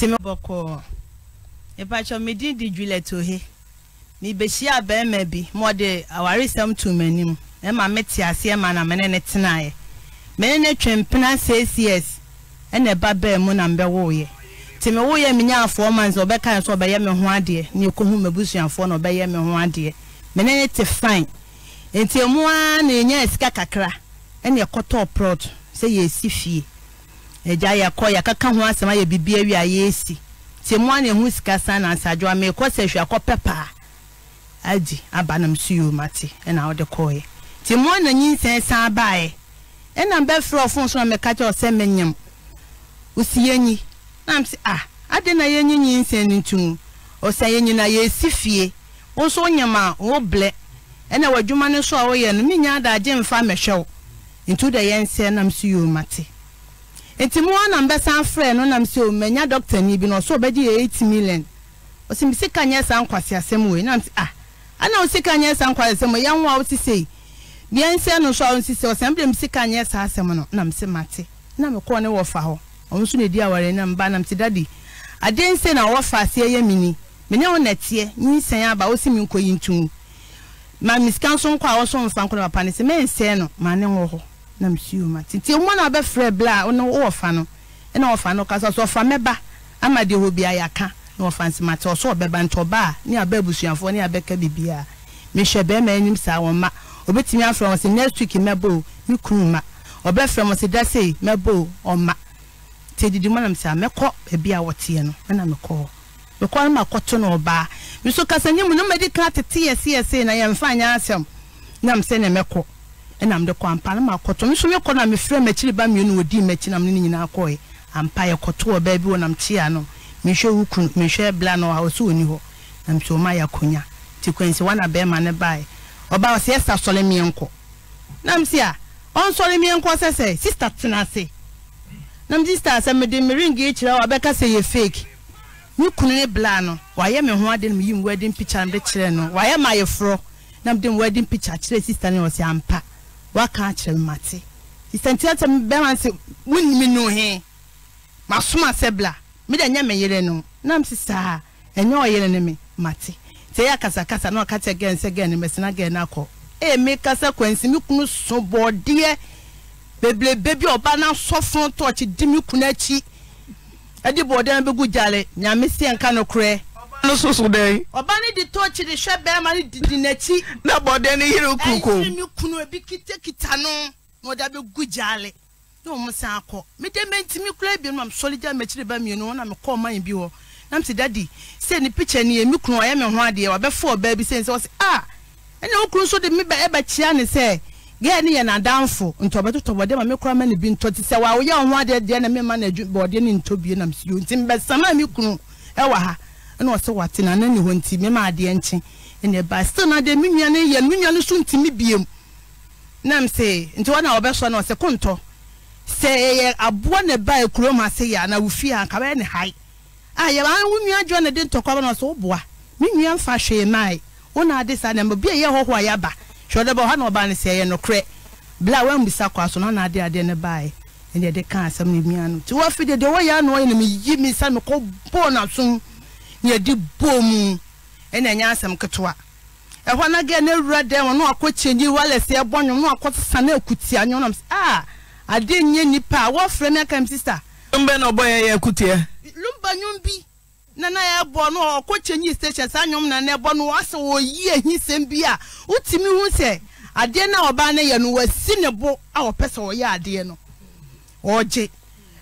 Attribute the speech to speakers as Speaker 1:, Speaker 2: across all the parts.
Speaker 1: tìmí bọkọ ìpàtjọ mi dín di Juliet Ohe mi bèhyia bẹẹma bi mo de awaresɛm tu mu anim ɛma mi te aseɛ ma na mene ne tena yɛ mene ne twɛn mpena six years ɛna ɛba bɛɛ mu na mbɛ wɔɔyɛ tìmí wɔɔyɛ mi nya afɔ ɔman sɛ ɔbɛka sɛ ɔbɛyɛ mi ho adeɛ ne ekohu mɛbusuafoɔ na ɔbɛyɛ mi ho adeɛ mene ne te fine nti emu ara na enya sika kakra ɛna ɛkɔtɔ prɔt sɛ yɛ esi fie. ya kɔ ya kaka ho asɛm ayɛ bibi awi a yɛsi sɛ mua ne ho sika san na nsadwo ama ɛkɔ sɛ hwɛ akɔ pɛ paa adi aba nam so yi oma te ɛna wɔde kɔɔɛ nti mua na nyinsɛn san baeɛ ɛna mbɛ frɔ ɔfon so na mɛka kyɛ ɔsɛ menyam osi yɛnyi na msi a ade na yɛnyi nyinsɛn no ntum ɔsɛ yɛnyi na yɛsi fie wo nso nyam a wo blɛ ɛna w'adwuma ne so a woyɛ no menya adagye mfa mɛhwɛ wo ntu de yɛnsɛ nam so yi oma te nti mu ɔnam bɛsan frɛ no nam sɛ o mɛnya dɔkta ni bi na ɔsɛ ɔbɛgye yɛ eight million ɔsɛ mi sika nyɛ saa nkwasi asɛm wei nam sɛ ah ɛna o sika nyɛ saa nkwasi asɛm wei yɛn ho a o ti sɛ yɛn nsɛ no so a o ti sɛ ɔsɛn bi mi sika nyɛ saa asɛm no nam sɛ mate nam kɔɔ ne wɔ fa hɔ ɔmo nso na edi awari nam ba nam sɛ dadi adeɛ nsɛ na ɔwɔ fa aseɛ yɛ mi ni mɛ ne ho nɛteɛ nyinsɛn aba o si mi nkɔ yi ntum ma mi sika nso nkɔ na msuo ma titi ɔmo na ɔbɛfrɛ bla ɔno ɔwɔ no ɛna ɔfa no kasa so ɔfa mɛba ama deɛ obi ayɛ ka na ɔfa nsimate ɔsɔ ɔbɛba ntɔ baa ne aba abusuafoɔ ne abɛka bibia mehyɛ bɛrima anim saa wɔn ma obetumi afra wɔn sɛ next week mɛbɔ o ne kunu ma ɔbɛfra wɔn sɛ dase mɛbɔ ɔma te didi mo nam sɛ mɛkɔ baabi a wɔteɛ no ɛna mɛkɔ mɛkɔ no ma kɔto no ɔbaa nso kasa nye mu ne mu adi kan tete yɛseyɛse na yɛmfa nyɛ asɛm nam sɛ ne mɛkɔ ɛna mede kɔ ampa na makɔtɔ nso mekɔ na mefrɛ m'akyiri ba mmienu wɔdii m'akyi nam ne ne nyinaa kɔɛ ampa yɛkɔto wɔ baabi wɔ nam tea no mehwɛ wo kunu mehwɛ bla no ɔha ɔsɛ ɔni hɔ na mesɛ ɔma yɛ akonya nti kwansi wana bɛrima ne baeɛ ɔba ɔsɛ ɛsa sɔre mmiɛ nkɔ na msi a ɔnsɔre mmiɛ nkɔ sɛ sɛ sista tena ase na m sista sɛ mede me ringi kyerɛ wɔbɛka sɛ yɛ fake me kunu ne bla no wayɛ me ho ade no meyi m wedding picture no de kyerɛ no wayɛ ma ayɛforɔ na mede m wedding picture kyerɛ sista ne ɔsɛ ampa waka akyerɛ me mate nsɛntiasɛm bɛma sɛ wonimi no he masoma sɛ bla meda nyɛ me yere no nam se saa ɛnyɛ ɔyere ne me mate nti ɛyɛ akasakasa na ɔka kyɛ gɛn sɛ gɛn ne mɛsena gɛn no akɔ ee me kasa kwansi me kunu so bɔɔdeɛ bebrebe bi ɔba na sɔfo tɔɔkye di me kunu akyi ɛde bɔɔdeɛ no bɛgu gyale nyame seɛ nka no korɛ no soso dɛn. ɔba ne de tó akyire hwɛ bɛrima ne didi n'akyi. na bɔdɛ ne yere kunkun. ayi mi kunu ebi kitakita no na ɔde abɛ gu gyaale ne wɔn san akɔ mede mɛntimi kura ebien ma sɔli gya mɛkyire ba mienu na mɛ kɔɔ man bi hɔ na mɛ dadi sɛ ne picture ni yɛ kunu ɔyɛ mi ho adeɛ wabɛfo ɔbaa bi sɛ n sɛ ɔsɛ a ɛna o kunu de mi bɛ ɛbɛ kyia ne sɛ gɛɛ ah! ne yɛ n'adanfo ntɔbɛtotɔ bɔdeɛ ma mi kura ma ne bi ntɔ ti sɛ wa oyɛ ho adeɛ deɛ na mi ma na edu bɔdeɛ ntɔ bie na mi si yɛ nti mbɛsɛn na mi kunu ɛwɔ ha ɛna ɔsɛ wate na ne ne hɔ nti mema adeɛ nkye ɛna ɛba still na deɛ me no yɛ no no so ntumi biem nam sɛ nti wɔn a wɔbɛsɔ no ɔsɛ kontɔ sɛ ɛyɛ aboɔ na ɛba kurom ase yɛ ana wofi a nka bɛyɛ ne hae a yɛ ba wo nua adwa na de ntɔkwa na ɔsɛ woboa me nua hwee mae wo na ade saa na mɛ bi a ɛyɛ hɔhoɔ a yɛaba hwɛ ɔdɛ bɛ hɔ na ɔba yɛde bɔ mu ɛna ɛnyɛ asɛm ketewa ɛhɔ na gɛ ne wura dɛm wɔn na wakɔ kyɛnyi walɛsi ɛbɔ nwom na wakɔ sisan na ekutia nwom nam a ade nye nipa wɔfrɛ mi aka mi sista. lumba na ɔbɔ yɛ yɛ lumba nwom bi nana yɛ bɔ no ɔkɔ kyɛnyi station saa nwom na na ɛbɔ no wɔasɛ wɔyi ehi sɛm bi a wotumi hu sɛ adeɛ na ɔbaa ne yɛ no wɔasi ne bo a ɔpɛ sɛ ɔyɛ adeɛ no ɔgye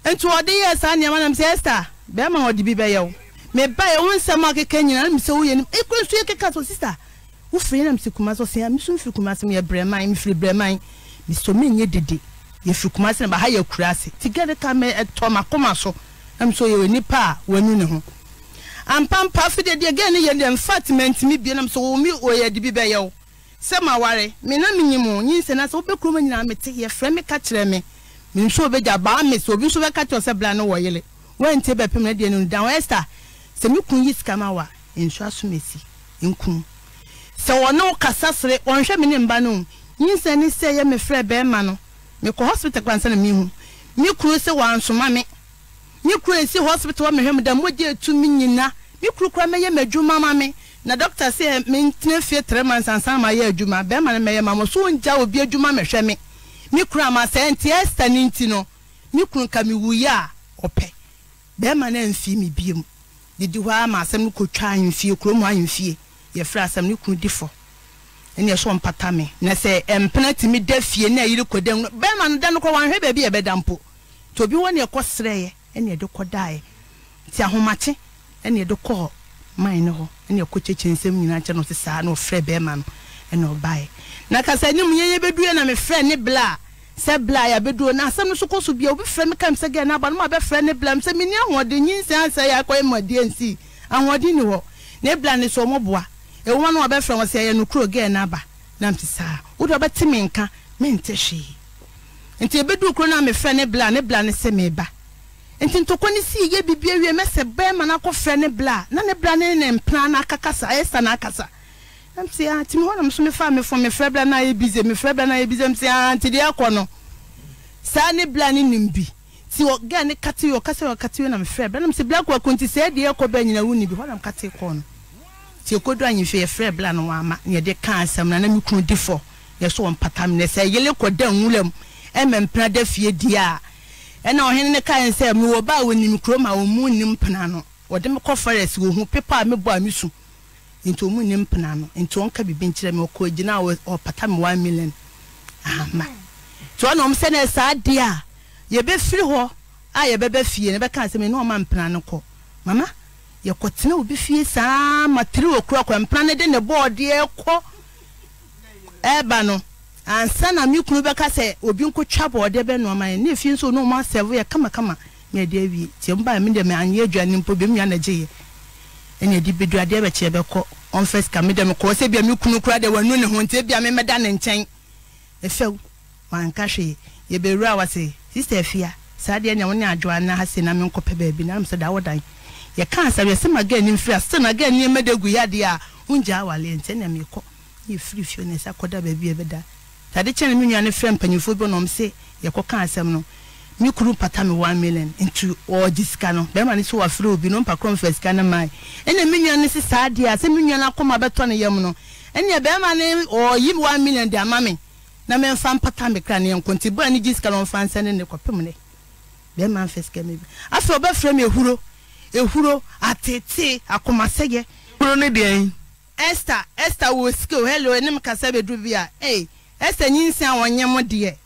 Speaker 1: nti ɔde yɛ saa nneɛma nam sɛ ɛsta bɛrima ɔde bi bɛyɛ o. meba yɛ wo nsɛm a keka nyina na mesɛ woyɛ nim ɛkura nso yɛkeka so sista wofiri na mesɛ kuma so sɛ meso mfiri kuma se meyɛ brɛman mefiri brɛman mesɛ menyɛ dede yɛfiri kuma se na baha yɛ kura ase nti gɛde ka me ɛtɔ makoma so na mesɛ yɛwɔ nipa a wanu ne ho ampampa afidie deɛ gɛn ne yɛ deɛ mfa temantimi bie na mesɛ wɔ mi wɔyɛ de bi bɛyɛ wo sɛ ma ware me na menyi mu nyinsɛ na sɛ wobɛkuro ma nyinaa mete yɛfrɛ me ka kyerɛ me me nso wobɛgya baa me sɛ obi nso bɛka kyerɛ sɛ bra no wɔ yele woantie bɛpem no deɛ no da ɛsta sɛ me kun yi sika ma wa nsu asom esi nkun sɛ wɔne kasa sere wɔnhwɛ me ne mba no nyinsɛn ne sɛ yɛ me frɛ bɛrima no mekɔ hospital kwan sɛ na me hu me kuru sɛ wansoma me me kuru esi hospital wɔ mehwɛ mu dɛ mo gye etu me nyina me kuru kura mɛyɛ mɛ adwuma ma me na dɔkta sɛ me ntena fie tere ma nsansan ma yɛ adwuma bɛrima no mɛyɛ ma mo so ngya obi adwuma mɛhwɛ me me kuru ama sɛ nti ɛsta ne nti no me kuru ka me wu ɔpɛ bɛrima no amfi me biem didi hɔ ama asɛm no kɔtwa ahemfie kurom ahemfie yɛfrɛ asɛm no kunu di fɔ ɛne ɛsɛ ɔmpata me na sɛ ɛmpena tumi da fie na ayiri kɔ dan no bɛrima no da no kɔ wanhwɛ baabi yɛbɛda mpo nti obi wɔ ne ɛkɔ serɛeɛ ɛne ɛde kɔ daeɛ nti ahomakye ɛne ɛde kɔɔ man no hɔ ɛne ɛkɔ kyekye nsɛm nyinaa kyɛ no ɔte na ɔfrɛ bɛrima no ɛne ɔbaeɛ na kasa anim yɛyɛ bɛduɛ na mefrɛ ne bla sɛ bla a yɛbɛduro na asɛm no so kɔ so bia obi frɛ me kam sɛ gɛ naba no ma bɛfrɛ ne bla m sɛ menni ahoɔden nyinsia sɛ yɛakɔyɛ mmuadeɛ nsi ahoɔden ni hɔ na ɛbla ne sɛ ɔmɔboa ɛwoma no wɔbɛfrɛ wɔ sɛ ɛyɛ nokuro gɛ naba na mte saa wode wɔbɛte me nka mente hwee nti ɛbɛduru kuro no a mefrɛ ne bla ne bla ne sɛ meba nti ntokwa ni si yɛ bibia wie mɛsɛ bɛrima no akɔfrɛ ne bla na ne bla ne ne mpena no akakasa ɛsa no akasa msi a timi hɔ nom so mefa mefo mefrɛ bla no ayɛ bize mefrɛ bla no ayɛ bize msi a nti deɛ ɛkɔ no saa ne bla ne nim bi ti wɔ gaa ne kate yɛ ɔkasa yɛ ɔkate yɛ na mefrɛ bla no msi bla kɔ akɔ nti sɛ ɛdeɛ ɛkɔ bɛ nyina wuni bi hɔ nom kate kɔ no ti ekodo anyimfɛ yɛfrɛ bla no wama yɛ de kaa asɛm na na mi kun di fɔ yɛ so wɔ mpatam ne sɛ yɛlɛ kɔ da nwulam ɛmɛ mpena da fie di a ɛna ɔhene ne kaa sɛ mewɔ ba a wɔnim kurom a wɔn mu nim pena no wɔde me kɔ forest wɔ hu pepa a mebɔ a misu nti ɔmu ni mpena no nti ɔnka bibi nkyerɛ mi ɔkɔ gyina a ɔpata mi one million ahama nti ɔna ɔmu sɛ na saa adeɛ a yɛbɛfiri hɔ a yɛbɛbɛ fie na bɛka asɛm ɛna ɔma mpena no kɔ mama yɛkɔ tena obi fie saa ma tiri wɔ kura kɔ mpena no de ne bɔɔdeɛ kɔ ɛɛba no ansa na mi kunu bɛka sɛ obi nko twa bɔɔdeɛ bɛ nɔɔma yɛ ne fie nso na ɔmu asɛvo yɛ kamakama na yɛde awie tiɛ mu ba mi dɛm anyɛ aduane ɛna yɛde bɛdu adeɛ bɛkyeɛ bɛkɔ ɔmfɛ sika mi dɛm kɔɔ sɛ bia mi kunu kura deɛ wanu ne ho nti bia mi mɛda ne nkyɛn efɛw wanka hwee yɛbɛwura wase sista efia saa deɛ nyɛ ne adwo ana ha na mi nkɔpɛ baabi na amusɛ da awɔ dan yɛka asɛm yɛsɛ ma gɛɛ ni nfiri asɛ na gɛɛ ni ɛmɛ de gu yadeɛ a ngya awale nti ɛna mi kɔ yɛ firi ne nsa kɔda baabi yɛ e bɛda tade kyɛn mi nua ne fɛ mpanyinfoɔ bi na ɔm se yɛkɔ ka asɛm no me kunu pata me one million nti ɔgye sika no bɛrima ne sɛ wafrɛ obi no mpakoro mfa sika no mae ɛna me nua no se saa deɛ a sɛ me nua no akoma bɛtɔ ne yam no ɛneɛ bɛrima ne ɔyi oh, me one million de ama me na memfa mpata me kra ne yɛnko nti bra ne gye sika no ɔmfa nsɛ ne ne kɔpem ne bɛrima mfa sika me bi afei ɔbɛfrɛ me ehuro ehuro atete akomasɛgɛ ehuro ne deɛn esther esther wɔ skill hello ɛnim kasa bɛdu bi a ee esther nyinsa a wɔnyɛ mo deɛ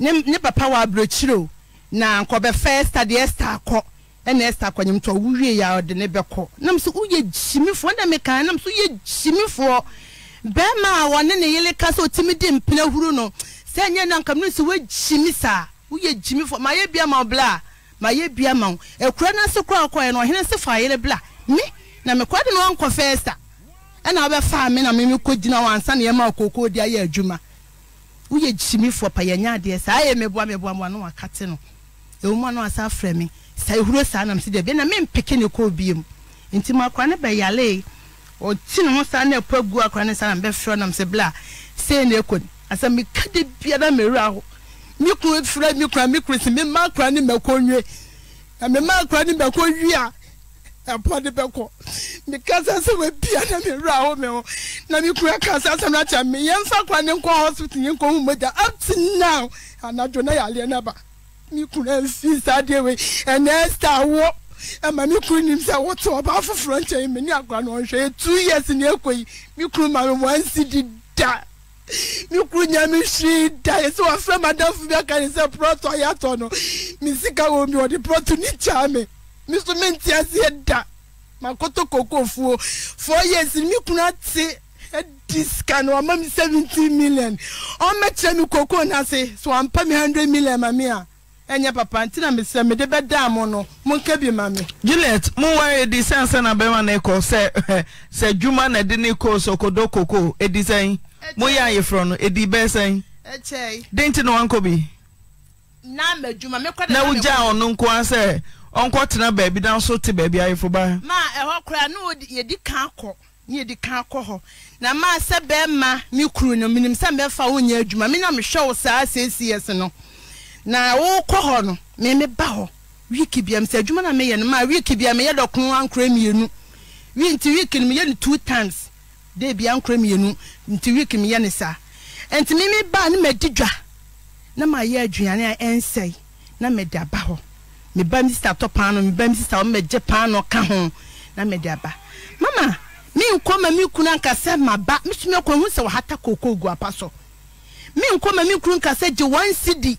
Speaker 1: ne ne papa wɔ aburokyire o na nkɔbɛfɛ ɛsta deɛ ɛsta akɔ ɛna ɛsta akɔ nyimtɔ wuwie yɛ ɔde ne bɛkɔ nam so woyɛ gyimifoɔ ɛna meka nam so yɛ gyimifoɔ bɛrima a wɔne ne yele ka sɛ ɔtumi de mpena huru no sɛ nyɛ na nkam no sɛ woagyimi saa woyɛ gyimifoɔ ma yɛ bia ma wo bla ma yɛ bia ma wo akura no ase kora kɔɛ no ɔhene se fa yere bla me na mekora de no wankɔ fɛ ɛsta ɛna wobɛfaa me na meme kɔgyina wɔ ansa ne yɛma ɔkookoo de ayɛ adwuma woyɛ gyimifoɔ pa yɛnyɛ adeɛ saa ayɛ meboa meboamoa no wakate no ewu mu ɔno asa afrɛ mi sa ehuro saa nam si deɛ bi na mi mpeke ne kɔɔ bie mu nti mu akora ne bɛ yale ɔti ne ho saa na ɛpɔ gu akora ne saa na bɛ frɛ nam si bla sei na ekɔ ni asa mi ka de biara mi ra ho mi kun fura mi kura mi kura si mi ma akora ne mɛ kɔ nwie na mi ma akora ne mɛ kɔ nwia ɛpɔ de bɛ kɔ mi kasa sɛ wo bia na mi ra ho mi ho na mi kura kasa sɛ mi akyɛ mi yɛn fa akora ne nkɔ hospital ne nkɔ hu mo da up to now anadwo na yale na ba mi kunu nsi saa deɛ wei ɛnna ɛsta awɔ ɛma mi kunu nim sɛ wɔtɔ ɔbaa foforɔ nkyɛn mi ni agorɔ na ɔnhwɛ two years ni ekɔ yi mi kunu maame wɔn nsi di da mi kuru nyame hwiri da yɛsɛ wafrɛ madamfo bi aka ne sɛ prɔto ayɛatɔ no me sika wɔ mi ɔde prɔto ne kyaa me me so mente aseɛ da makoto kokofuo four years me kunu ate adi sika no ɔma me seventeen million ɔmmɛkyerɛ me kokoo no ase so wampa me hundred million ma me a enye papa nti na mesɛ mede bɛdaa mo no monka bi ma me juliet moware ɛdi sɛn sɛ na bɛma ne kɔ sɛ sɛ dwuma na ɛde ne kɔ sokodo koko ɛdi sɛn moyɛ ayeforɔ no ɛdi bɛɛ sɛn nti na wankɔ bi na ɔno nko a sɛ ɔnkɔ tena baabi na nso te baabi ayefo yɛdi ka na maa sɛ bɛɛma me kuru no menim sɛ adwuma wo saa na wokɔ hɔ no meme ba hɔ wiiki bia sɛ adwuma na meyɛ no ma wiiki bia meyɛ dɔko ankorɛ mienu. wi nti wiiki no meyɛ no two times de bia ankorɛ mmienu nti wiiki meyɛ no saa nti meme ba ne madi dwa na ma mayɛ aduane a ɛnsɛe na mede aba hɔ meba me sista tɔ paa no meba me sista wɔn mɛgye paa no ka ho na mede aba mama mi nkɔ ma mi kunu ankasa ma ba mi sumi akɔ ehu sɛ wahata koko gu apa so mi nkɔ ma mi kunu ankasa gye wɔn si di.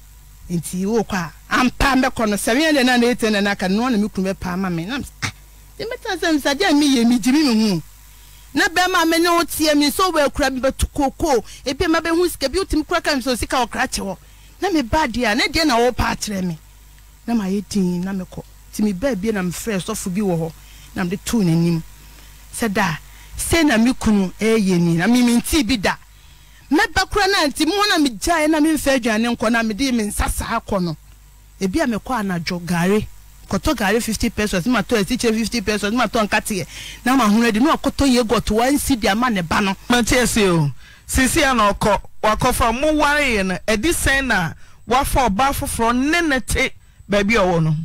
Speaker 1: nti wokɔ a ampa mbɛkɔ no sɛ meɛ deɛ na na ɛtɛ ka no ɔne me kunu bɛpa ama me nam mɛta sɛ ah, msadeɛ a meyɛ megye me me hu na bɛrima a mene wo teɛ me sɛ wobɛakura me bɛto kookoo ebi ma bɛhu sika bi wotumi kora ka me sɛ sika wɔkra kyɛ wɔ na meba deɛ a na deɛ na wɔpa akyerɛ me na mayɛ din na mekɔ nti mebaa bie na mefrɛ sɔfo bi wɔ hɔ na mede too n'anim sɛ da sei na me kunu ɛyɛ ni na mementii bi da mɛba kora na nti mu na megyaeɛ na memfa aduane na mede me nsa saa kɔ no ebi a kɔtɔ fifty pesos ma tɔ ɛsi fifty pesos ma tɔ na ma ahoro adi na ɔkɔtɔ yogurt wɔn si di ama ne ba no. o sisi a na ɔkɔ wakɔfa mu ware yɛ no ɛdi sɛn na wafa ɔba foforɔ ne ne baabi ɔwɔ no.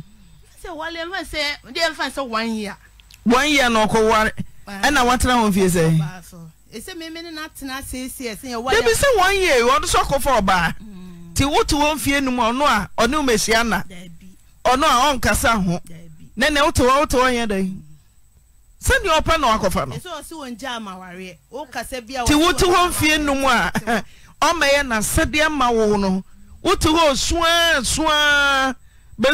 Speaker 1: wale sɛ sɛ wɔn yia. na ɔkɔ ɛna wɔn dabi sɛ wɔn yie ɔno nso akɔfa ɔbaa ti wɔn fie ɔno a ɔne mmesia na ɔno a ɔnkasa ho na wɔn wɔn yɛ dɛ ɔpɛ na wakɔfa no ti wɔn fie a na sɛdeɛ ma wo no hɔ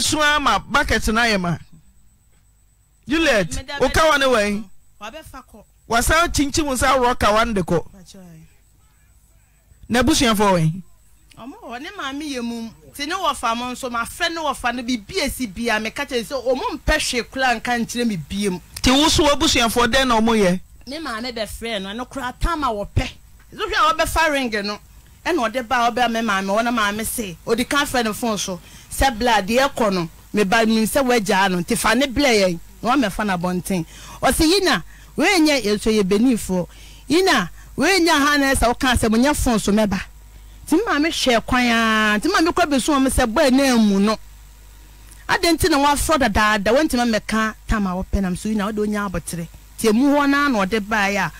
Speaker 1: sua ma bucket ma juliet ne wasan kyinkyim nsa aworɔ ka wa no de kɔ na abusuafoɔ wɛn ɔmo wɔ ne maame yɛ mu te ne wɔfa mo nso ma fɛ ne wɔfa no bibi esi bia meka kyerɛ sɛ ɔmo mpɛ hwee kura nka nkyerɛ mi bie mu. te wusu abusuafoɔ dɛn na ɔmo yɛ. ne maame bɛ frɛ no ɛno kura tam a wɔpɛ zohwɛ a wɔbɛfa ring no ɛna ɔde ba a ɔbɛ me maame wɔn na maame se odi kan fɛ ne fon so sɛ bla adeɛ kɔ no meba nim sɛ wɔagya ano ntefa ne blɛ yɛn na wɔn mɛfa na bɔnten ɔsi yi na wenyɛ yɛsɛ yɛ benifoɔ yina wenyɛ ha na ɛsɛ ɔka sɛ mo nyɛ fon so mɛba ti maame hwɛ kwan aa ti maame kura besu wɔn sɛ bɔɔl naa mu no adan ti na wafɔ dadaada wɔn ti ma mɛka tam a wɔpɛ nam so yina ɔde onyaa abɔtire tie mu hɔ naa na ɔde baayɛ a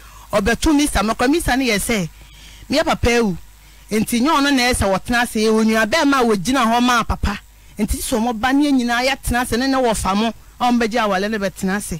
Speaker 1: ɔbɛtu misa mɛkɔ misa no yɛ sɛ mia papa ewu nti nyɛ ɔno na ɛsɛ wɔtena ase wɔn nua bɛrima a wɔgyina hɔ maa papa nti sɛ wɔn ba ne nyinaa tena ase ne ne wɔfa mo a wɔn bɛgye awale ne bɛtena ase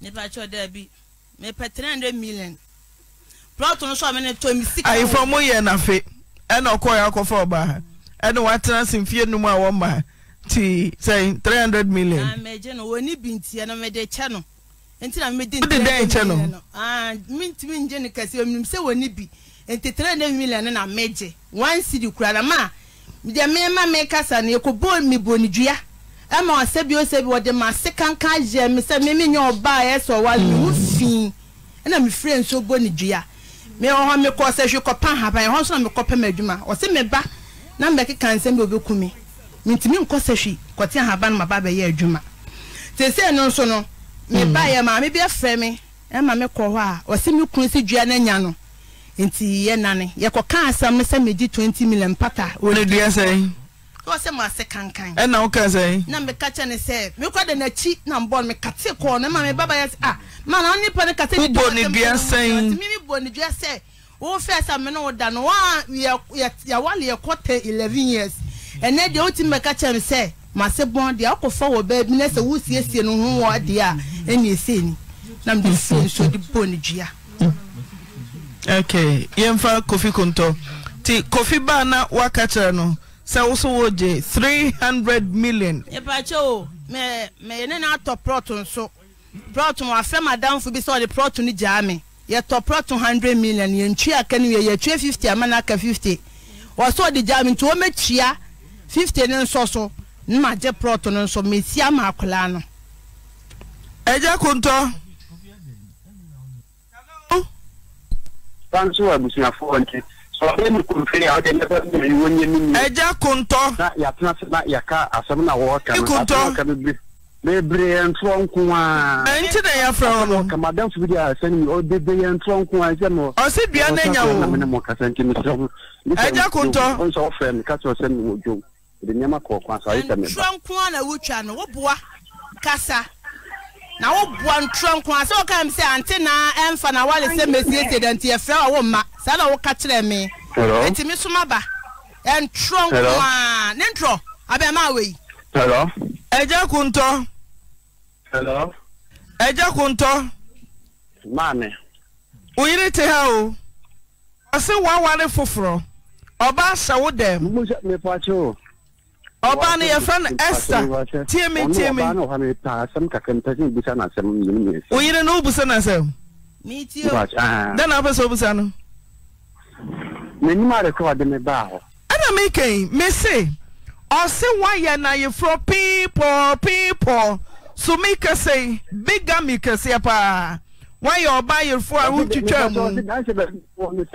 Speaker 1: nipa kyɛ dɛ bi mepɛ three hundred million plot no so a mene tɔ sika. ayifo mu yɛ nafe ɛna ɔkɔ yɛ akɔfɔ ɔbaa ɛna watena se mfie num a wɔma ti sɛn three hundred million. aa mɛ gye no wɔn ni bi ntiɛ no mɛ de kyɛ no nti na mɛ de ntiɛ de kyɛ no aa ah, mi ntumi ngye ne kɛse omi sɛ wɔn ni bi nti three hundred million no na mɛ one city kura na ma deɛ ma mɛ kasa ni yɛ kɔ bɔ mi bɔ ne dua ɛma ɔsɛ bi ɔsɛ bi wɔde ma se kankan yɛ mi sɛ mi mi nyɛ ɔbaa yɛ sɛ ɔwa mi ho fii ɛna mi firi nso bɔ ne dua mi wɔ hɔ mi kɔ ɔsɛ hwi kɔpa ahaban ɛhɔ nso na mi kɔ pɛ ma adwuma ɔsɛ mi ba na mi keka nsɛm bi obi ku mi mi ntumi nkɔ sɛ hwi kɔte ahaban ma ba bɛyɛ adwuma tese no nso no mi ba yɛ maame bi afrɛ mi ɛma mi kɔ hɔ a ɔsɛ mi kun si dua n'anya no nti yɛ nane yɛ kɔ kaa asam sɛ mi di twenty million pata. wọ́n sɛ maase kankan ɛna kan sɛn na de n'akyi na mbɔ no ma me baba ah da years e na sɛ wosiesie a ɛne ɛsei na mede fie nso de bɔ ne dua okay kofi kontɔ nti kofi baa no sɛ woso wo gye three hundred million. ìpàkye o mɛ mɛ yɛn nana atɔ prɔto nso prɔto wafɛ madamfo bi sɛ ɔde prɔto ni gyaa mi yɛtɔ prɔto hundred million yɛn twi aka ni yɛ yɛtwi fifty ama n'aka fifty wɔsɛ ɔde gyaa mi nti wɔn atua fifty ne nso so ne ma gye prɔto ne nso mɛ si ama akwadaa no. ɛgya kuntɔ.
Speaker 2: sanso abusuafoɔ nti sọdẹ ni kunfin awo de ne bɛ ne yi wo nye min na yàtúná se na yàká asɛm na wɔwɔ kan. i kuntɔ bebree yɛn ntoro nko a. ɛn ti na yɛ fɛ wɔn. kama dan fi bi di a sɛ ni o bebree yɛn ntoro nko a ɛsɛ nɔ. ɔsi bia ne nya o. ɔsi bia ne kasa nti misiri mu. mi kasi ɔsɛ mi wo jo. ebi nneɛma kɔɔkan so ayi tɛ mi ba. ntoro
Speaker 1: nko a na wotwa no kasa. na wobua ntorɔ nko a sɛ woka m sɛ ante na ɛmfa na wale sɛ mesiesie dɛ nti yɛfrɛ wa wo mma saa na woka kyerɛ me nti me so maba ɛntorɔ nko a ne ntorɔ abɛma awei ɛgya kuntɔ ɛgya kuntɔ maame wo yere te ha o ɔse woaware foforɔ ɔba ahyɛ wo dɛm ɔba no yɛfra no ester tie metie me oyere no obu sa na sɛm dɛnna wpɛ sɛ obusa no ɛna meke mese ɔse wayɛ nayeforɔ pii pɔɔ pei pɔɔ so me kɛsee bega mekaseɛ paa wayɛ ɔba ayerefoɔ a wonwitwaa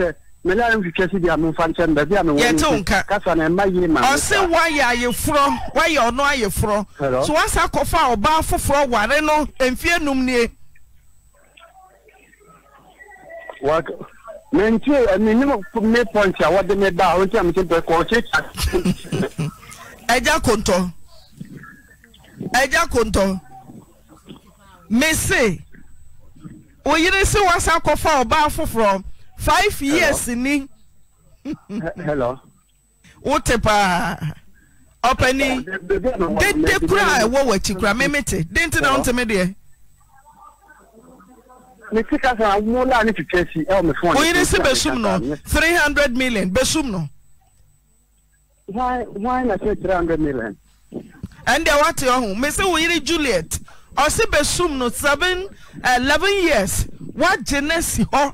Speaker 2: m mele ayé nfifie si di àmì nfa nkyɛn bẹẹbi àmì wọn nfi kasa na ẹma yie maa. ɔsi
Speaker 1: wayɛ ayeforɔ wayɛ ɔno ayeforɔ so wasa kɔfa ɔbaa foforɔ ware no mfie num nie. waka
Speaker 2: mɛ n tiɛ ɛmi ni mi pɔnkye a wɔde mi ba o n tiɛ mi ti pɛ kɔ ɔkye
Speaker 1: ɛja kontɔ ɛja kontɔ mesi oyiri si wasa kɔfa ɔbaa foforɔ five years ni. hello. wo te paa ọpẹni dede kura ẹwọ wọ akyi kura mímí te de ntina ọ ntẹ mi deɛ. ne ti ka sara mo la ne ti tẹ e si ẹ mi fún
Speaker 2: ọ. oyin si besum
Speaker 1: no three hundred million besum no. why why na say three hundred million. ɛn deɛ wate ɔho mesi wo yiri juliet ɔsi besum no seven eleven years wagye ne si hɔ.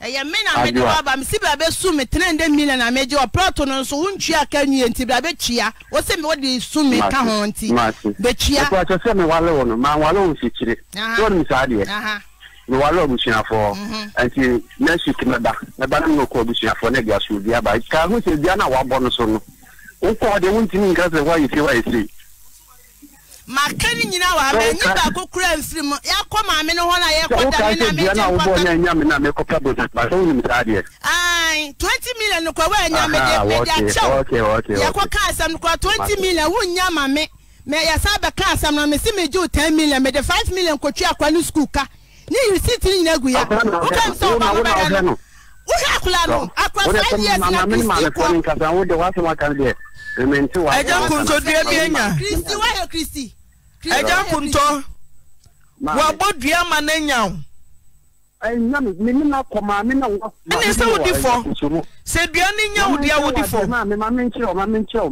Speaker 1: ɛyɛ me na mede waba mesi bra bɛsu me tena ndɛ million a megye ɔprɛto no nso wontua ka nwie nti bra bɛtua wo se me wode su me ka ho nti
Speaker 2: bɛtua ɛkyɛ sɛ mewale wo no manwale wo mfikyire wonem saa deɛ mewale abusuafoɔ mhm. nti next week mɛba mɛba no mekɔ abusuafoɔ na aduasoodua ba ka ho sɛ dua no a wabɔ no so no wokɔɔ deɛ wontimi nka sɛ woayɛ fie woayɛ sei
Speaker 1: maka ne nyinaa wa ama nyi baako kura mfiri mu yakɔ maame ne hɔ na yɛkɔ dame
Speaker 2: na me gye nkɔka
Speaker 1: ayi twenty million kɔ wo anya me de me de akyɛw yɛkɔ kaa asɛm kɔ twenty million wo nya me mɛ yasa bɛ kaa asɛm na mɛ si me gye o ten million Me de five million kɔ twi akɔ ne sukuu ka ne receipt ne nyinaa gu ya wo ka n sɔn o ba wo bɛ da no wo hɛ akora no akora five years na kristi
Speaker 2: kɔ ɛgya nkunto dua bi anya ɛgya nkunto
Speaker 1: wabɔ dua ma n'anya o. ɛne
Speaker 2: sɛ wodi fɔ sɛ dua ne nya wo dea wodi fɔyɛtie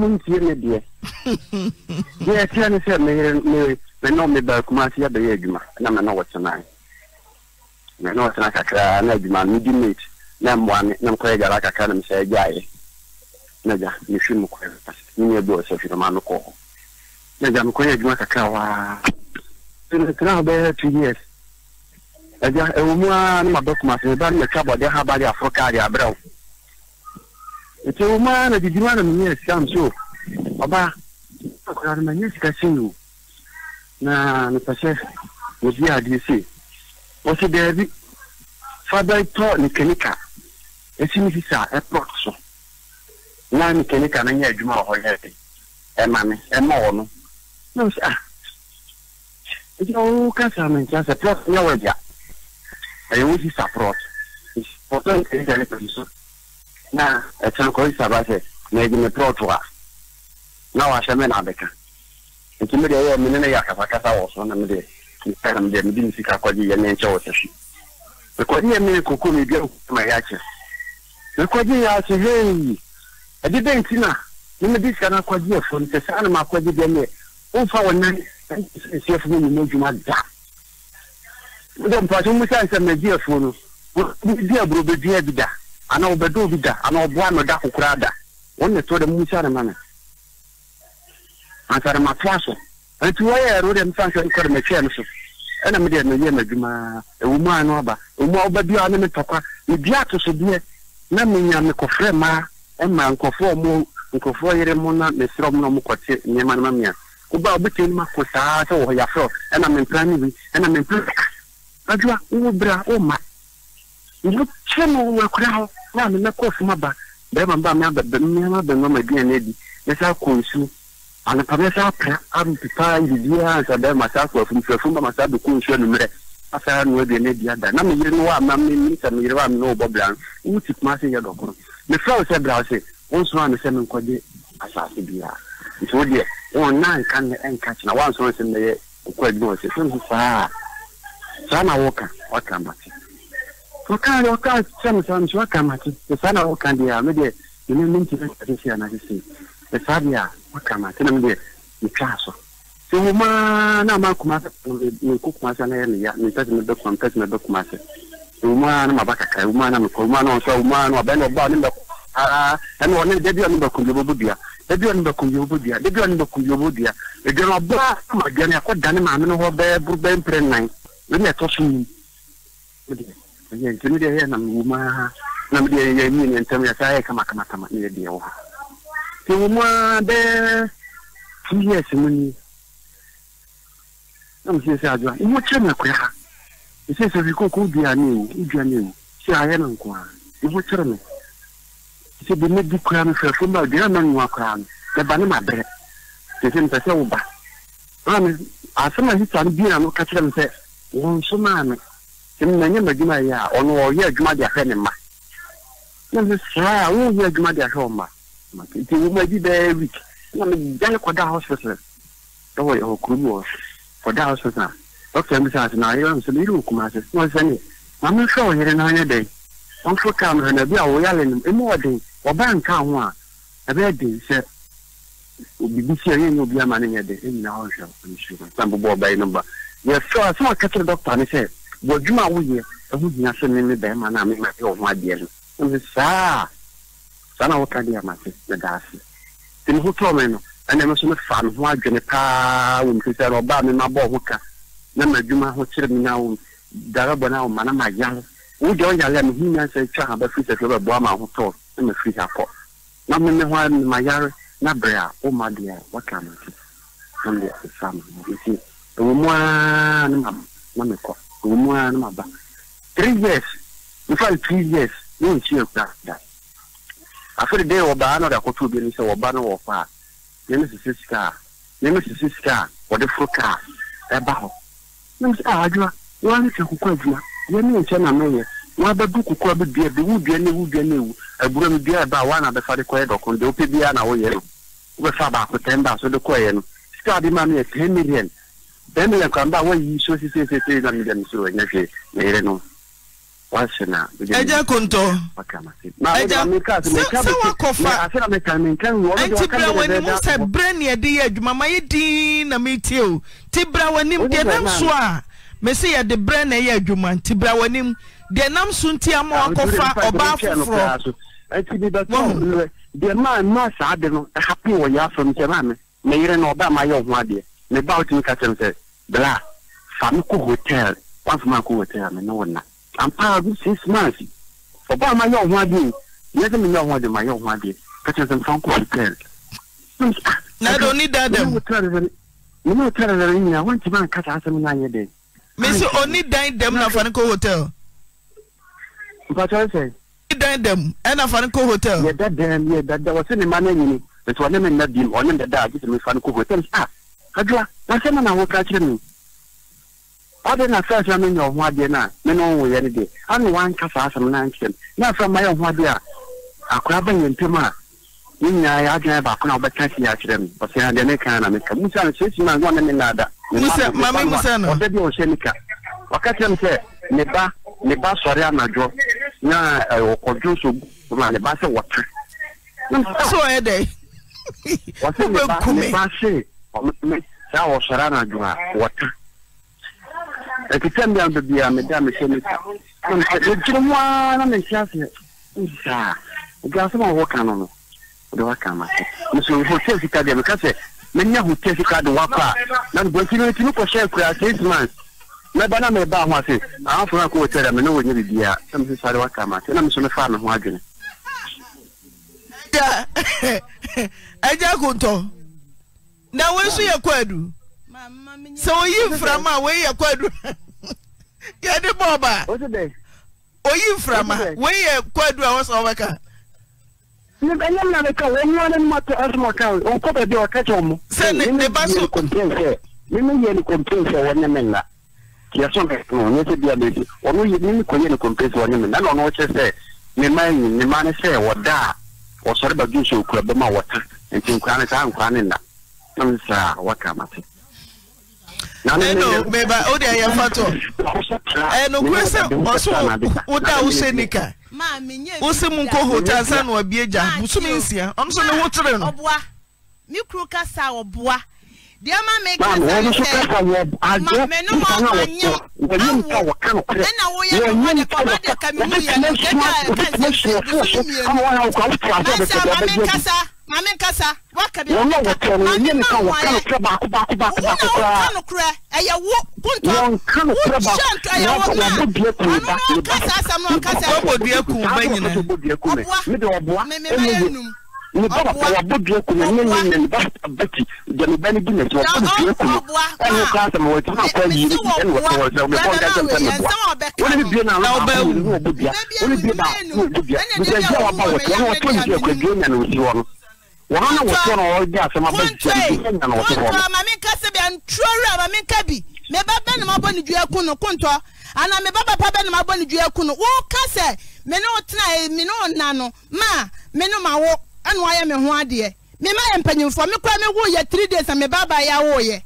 Speaker 2: o deɛ ɛteɛ ne sɛ mene me baa kuma ase yɛbɛyɛ adwuma na mene wɔtenae mene wɔtena kakraa na adwuma medi mate namwana namkolera akakhala namsayajyaye naja nifilmu kwela ninyebose fino mano koho naja mikonya juma kakawa tinahabere two years naja ewumua eh, ne madocument meba ne matwabɔ de ha aforo kaade abrɛw nti ewumua na didima na menyɛ sika so ɔba akora no manyɛ sika na mepɛ sɛ obi adeɛ se wɔsɛ daabi fa bɛtɔ ne kanika ɛtumi sisi a ɛplɔt so naa ne kɛnika no nyɛ adwuma wɔ hɔ yɛ de ɛma me ɛma wɔ no na sɛ ah nti ɔwo ka sa me nkyɛn sɛ plɔt nyɛ wɔ agya ɛyɛ wo sisa plɔt pɔtɔ nkɛnika no pɛsi so na ɛkyɛn kɔ sisa ba sɛ na ɛgye me plɔt wa. na wahyɛ me na abɛka nti mede ɛyɛ me ne no yɛ akasakasa wɔ so na mede mede mede me sika kɔgye yɛ ne nkyɛ wɔ sɛ hwi mekɔgye yɛ me kokɔ me bia ma yɛ mekɔgye yɛ ase hei ɛde dɛ nti na ne mede sika no akɔgye ɛfo no sɛ saa na maakɔgye deɛ meɛ womfa wɔ nan ɛsiɛfo no nyina adwuma da wodɛ mpaso mu sane sɛ magye ɛfo no wodi aburo bɛdua bi da anaa wobɛdɔɔ bi da anaa ɔboa no da kokora da wɔn na ɛtɔ dɛ mu sane ma no ansane matoa so nti wɔyɛ ɛro dɛ mfa nsɛ nkɔre matwɛɛ no so ɛna mede ɛmɛyɛ m'adwumaa ɛwɔ no aba ɛmu wobɛdua ne metɔkwa medua atosodeɛ na menya mekɔfrɛ ma ma nkɔfo nkɔfo yere mu na mesrɛ na nneɛma no a woba wobɛtumi no saa sɛ wɔ yafrɛ ɛna mempra ne bi ɛna mempra wowɔ a woma nkyerɛ no na aba bɛrima ba ma aduane adi mɛsa nsu anapa mɛsa nsa bɛrima saa kɔ ba ma saa bɛkɔ nsu afɛn nu ebi ne bia da na mi yiri wa ma mi mi sɛ mi yiri wa mi n'o bɔ bila n u ti kuma se yɛ dɔ kɔnɔ mɛ fulaw sɛ bila se o sɔrɔ mi sɛ mi kɔ de asaase bi ya nti o deɛ wɔn n'a nka ne nka kyina wa sɔrɔ sɛ mi yɛ o kɔ ɛdun o se fɛn mi saa saa na wɔka wɔka ma ti wɔka wɔka sɛ mi sɛ mi sɛ wɔka ma ti saa na wɔka deɛ mi deɛ mi ni mi ti fɛ ka se se ana sisi saa deɛ wɔka ma ti na mi deɛ mi twa so sɛ homa na ma kuma sɛ mekɔ kuma sɛ na yɛ ne ya mepɛ sɛ mebɛ kuma mepɛ sɛ mebɛ kuma sɛ homa na maba kakra homa na mekɔ homa na ɔsɛ homa na ɔbɛn na ɔba ne mbɛkɔ aa ɛna ɔne da bi a ne bɛkum yɛ bɔbɔ dua da bi a ne bɛkum yɛ bɔbɔ dua da bi a ne bɛkum yɛ bɔbɔ dua aduane ɔbaa ama aduane akɔ dane maame no hɔ bɛɛ buru bɛɛ mpere nnan ɛna ɛtɔ so mu ɛyɛ nti ne deɛ yɛ nam homa na me deɛ e yɛ mi ne ntɛm yɛ saa yɛ kamakamatama ne yɛ deɛ wɔ hɔ nti homa bɛɛ two years mu ni na msɛ sɛ adwoa ɛmu kyerɛ me akoa ha ɛsɛ sɛ fi kɔkɔ woduane o woduane o sɛ ayɛ no nko a ɛmu kyerɛ me sɛ bi mɛdi koraa no fɛfo ma aduane ma noa koraa no mɛba ne mabrɛ sɛ sɛ mepɛ sɛ woba ame asɛm a sisa no bia no ka kyerɛ me sɛ wo nso maa me sɛ mmanyɛ m'adwuma yɛ a ɔno ɔyɛ adwuma de ahwɛ ne mma na msɛ saa a woyɛ adwuma de ahwɛ ɔmma nti wo mu adi bɛɛ week na medane kɔda hospital ɛwɔ yɛwɔ kurom wɔ so for that hospital doctor mi sase na ayé mi sọ mi yíwò kumase wọn sẹ ni maame hwẹ ọyẹrẹ náà yẹ dẹ wọn fọ kaa mi hàn ẹbi a wọ́n yálẹ nìmu emu ọdẹ ọba nka ho a ẹbẹ ẹdẹ sẹ obibi si ẹyẹ ẹyẹ obi ama ne yẹ dẹ ẹnyina hɔ hwɛ ɔmo si hɔ sáà bọbọ ɔbaa yi no ba yẹ fẹ ọ asọmọ kẹtẹrẹ dọkita ni sẹ wọ adwuma awo yẹ ẹhu gyina sẹ ne ne bẹẹma naa mi ma ẹ ọho adiẹ no wọn sẹ saa saa na wọka di ama se ẹda ase tẹnifu tọọ mi no ɛna ɛno nso ne fa me ho adwene paa wɔ mfiri sɛ no ɔbaa me mabɔɔ ho ka na madwuma ho kyerɛ me na wo darabɔ no a woma na mayare wogya woyare a mehu nyansa twa ha bɛfiri sɛ hwɛ bɛboa ma ho tɔɔ na mafiri ha kɔ na meme ho a mayare na berɛ a woma deɛ a waka mati na mede ɛsa me ho nti ɛwɔ mu a ne maba na mekɔ ɛwɔ mu a ne maba three years nfa three years ne nkyia kura da afei de dɛ wɔbaa na ɔde akɔto obi no sɛ wɔba no wɔ hɔ a sisi sika a sisi sika a wɔde foro kaa ɛba hɔ nam sɛ awadwoa ah, wɔahwehwɛ koko adwuma yɛne nkyɛ na mɛyɛ a bɛdua bi wodua ne wodua ne wu abura mi bia ɛba a wɔana bɛfa de kɔyɛ dɔko deɛ na woyɛ no wobɛfa baako tɛn ba so de kɔɔyɛ no sika de ma no ten million ten million ba a wɔayi so na no wahyɛna ɛgya
Speaker 1: kontɔ sɛ bra w'anim sɛ berɛ ne yɛ adwuma ma yɛ din na metie o nti bra w'anim deɛ nam so a mese yɛde berɛ na ɛyɛ adwuma nti bra w'anim deɛ nam so nti ama wakɔfa ɔbaa foforɔ
Speaker 2: no ɛhape wɔ yɛ afam sɛ maa me me me fa me kɔ hotel wamfa maa kɔ hotel me ne wo na ampa bi six months ọba ama yẹ ọhún adé yẹ sẹ mi yẹ ọhún adé ma yẹ ọhún adé kẹsàn sẹ nfa nkọ hotel. nado ni dan dɛm. ne ma hotel yɛrɛ nyina wɔn ti ma nkasa asɛm na yɛ dɛ. mesi oni dan dem na fani ko hotel. mpatɔ sɛ. oni dan dɛm ɛna fani ko hotel. yɛ da dɛm yɛ da da wɔsi ne ma ne nyini nti ɔne mi nna bi ɔne mi da da a ti sɛ mi fani ko hotel a kadua wɔsɛ ma na wɔ kura kyerɛ mi ɔde na fɛn fɛn mi nya ɔho adeɛ na mi na ɔho yɛ ne deɛ ana wanka saa asɛm na nkyɛn na fɛn ma yɛ ɔho a akora bɛ yɛ ntɛm a ne nyinaa yɛ adwene baako na ɔbɛka si akyerɛ mi ɔsɛ adeɛ ne kan na mi ka musa no kyerɛkyerɛ na ɔne mi na ada musa maame musa no ɔde bi ɔhyɛ ne ka ɔka kyerɛ mi sɛ ne ba ne ba sɔre anadwo na ɔkɔdwo so ma ne ba sɛ wɔte. so ɔyɛ dɛ wɔsɛ ne ba ne ba se ɔmɛ saa ɔsɔre anadwo a wɔte ɛkita mmea baabi a meda mehyɛ me mekyerɛ mu a na menkyerɛ ase saa ɛdi asɛm a wɔka no no wode waka ma se meso hotel sika deɛ meka sɛ menya hotel sika de wakɔ a na nti no ntimi kɔhyɛ akura six months mɛba na mɛba ho ase amafo no akɔ hotel a mene wɔnya biribiaa sɛ meso sade waka ma se na meso mefaa me ho adwene
Speaker 1: agya kontɔ na wo nso yɛ kɔ adu sɛ woyi mframa a woyi yɛ kɔ adu yɛde bɔɔba oyi mframa wei yɛ kwadu a wɔsɛ wɔbɛka
Speaker 2: ɛnyɛ mna meka wɔnua no nomata asoma ka ɔnkɔ baabi a ɔka kyɛ mo sɛ ne ba so complain sɛ memeyɛ no complain sɛ wɔne me nna tiɛso mɛno nyɛ sɛ bia mɛsi ɔno meme kɔyɛ no complain sɛ wɔne me nna na ɔno wokyerɛ sɛ mema mema ne sɛ wɔda a wɔsɔre badwo sɛ ɔkura bɛma wɔta nti nkora ne saa nkora ne nna na me saa waka mate
Speaker 1: ɛno meba wode ɛyɛ fato ɛnokorɛ sɛ ɔso woda wo sɛ nika wo sɛ mu nkɔ hotel sɛ na wabie gya bosome nsia ɔno so ne ho tere deɛ ma mi kasa mi sɛ ma mɛnu ma ma nyam awo ɛna woyɛ ɔmo de kɔba de ka mi mu yɛ no kɛkɛ ka nse nse nse mi
Speaker 2: yɛ no mɛnsa ma mi kasa
Speaker 1: ma mi kasa waka bi ma mi ka
Speaker 2: ma mi ma wɔn
Speaker 1: yɛ wo na wo kanu korɛ ɛyɛ wo kuntɔ wo hyɛ ntɔ ɛyɛ wo na ɔno na ɔkasa asam na ɔkasa ɛyɛ wo aboa mɛmɛ yɛ num ne ba wa wa bo dua kuna ne ne ne ba beti
Speaker 2: de ne ba ne bi ne so ko dua kuna e ho ka sa mo ti na kwa yi ne ne wa wa sa me ko ka sa me bo woni bi bi na la ba wo ne bo dua woni bi na wo ti wa to ni dua kwa dua na no si wo no wo na wo to na wo ja se
Speaker 1: bi an trora ma me ka bi me ba ba ne ma bo ne dua kuna kunto ana me ba ba pa ba ne ma bo ne dua kuna wo ka se me no tena me no na no ma me no ma wo ɛna wayɛ me ho adeɛ mema yɛ mpanyimfoɔ me kora me woyɛ three days a me baaba yɛ awoyɛ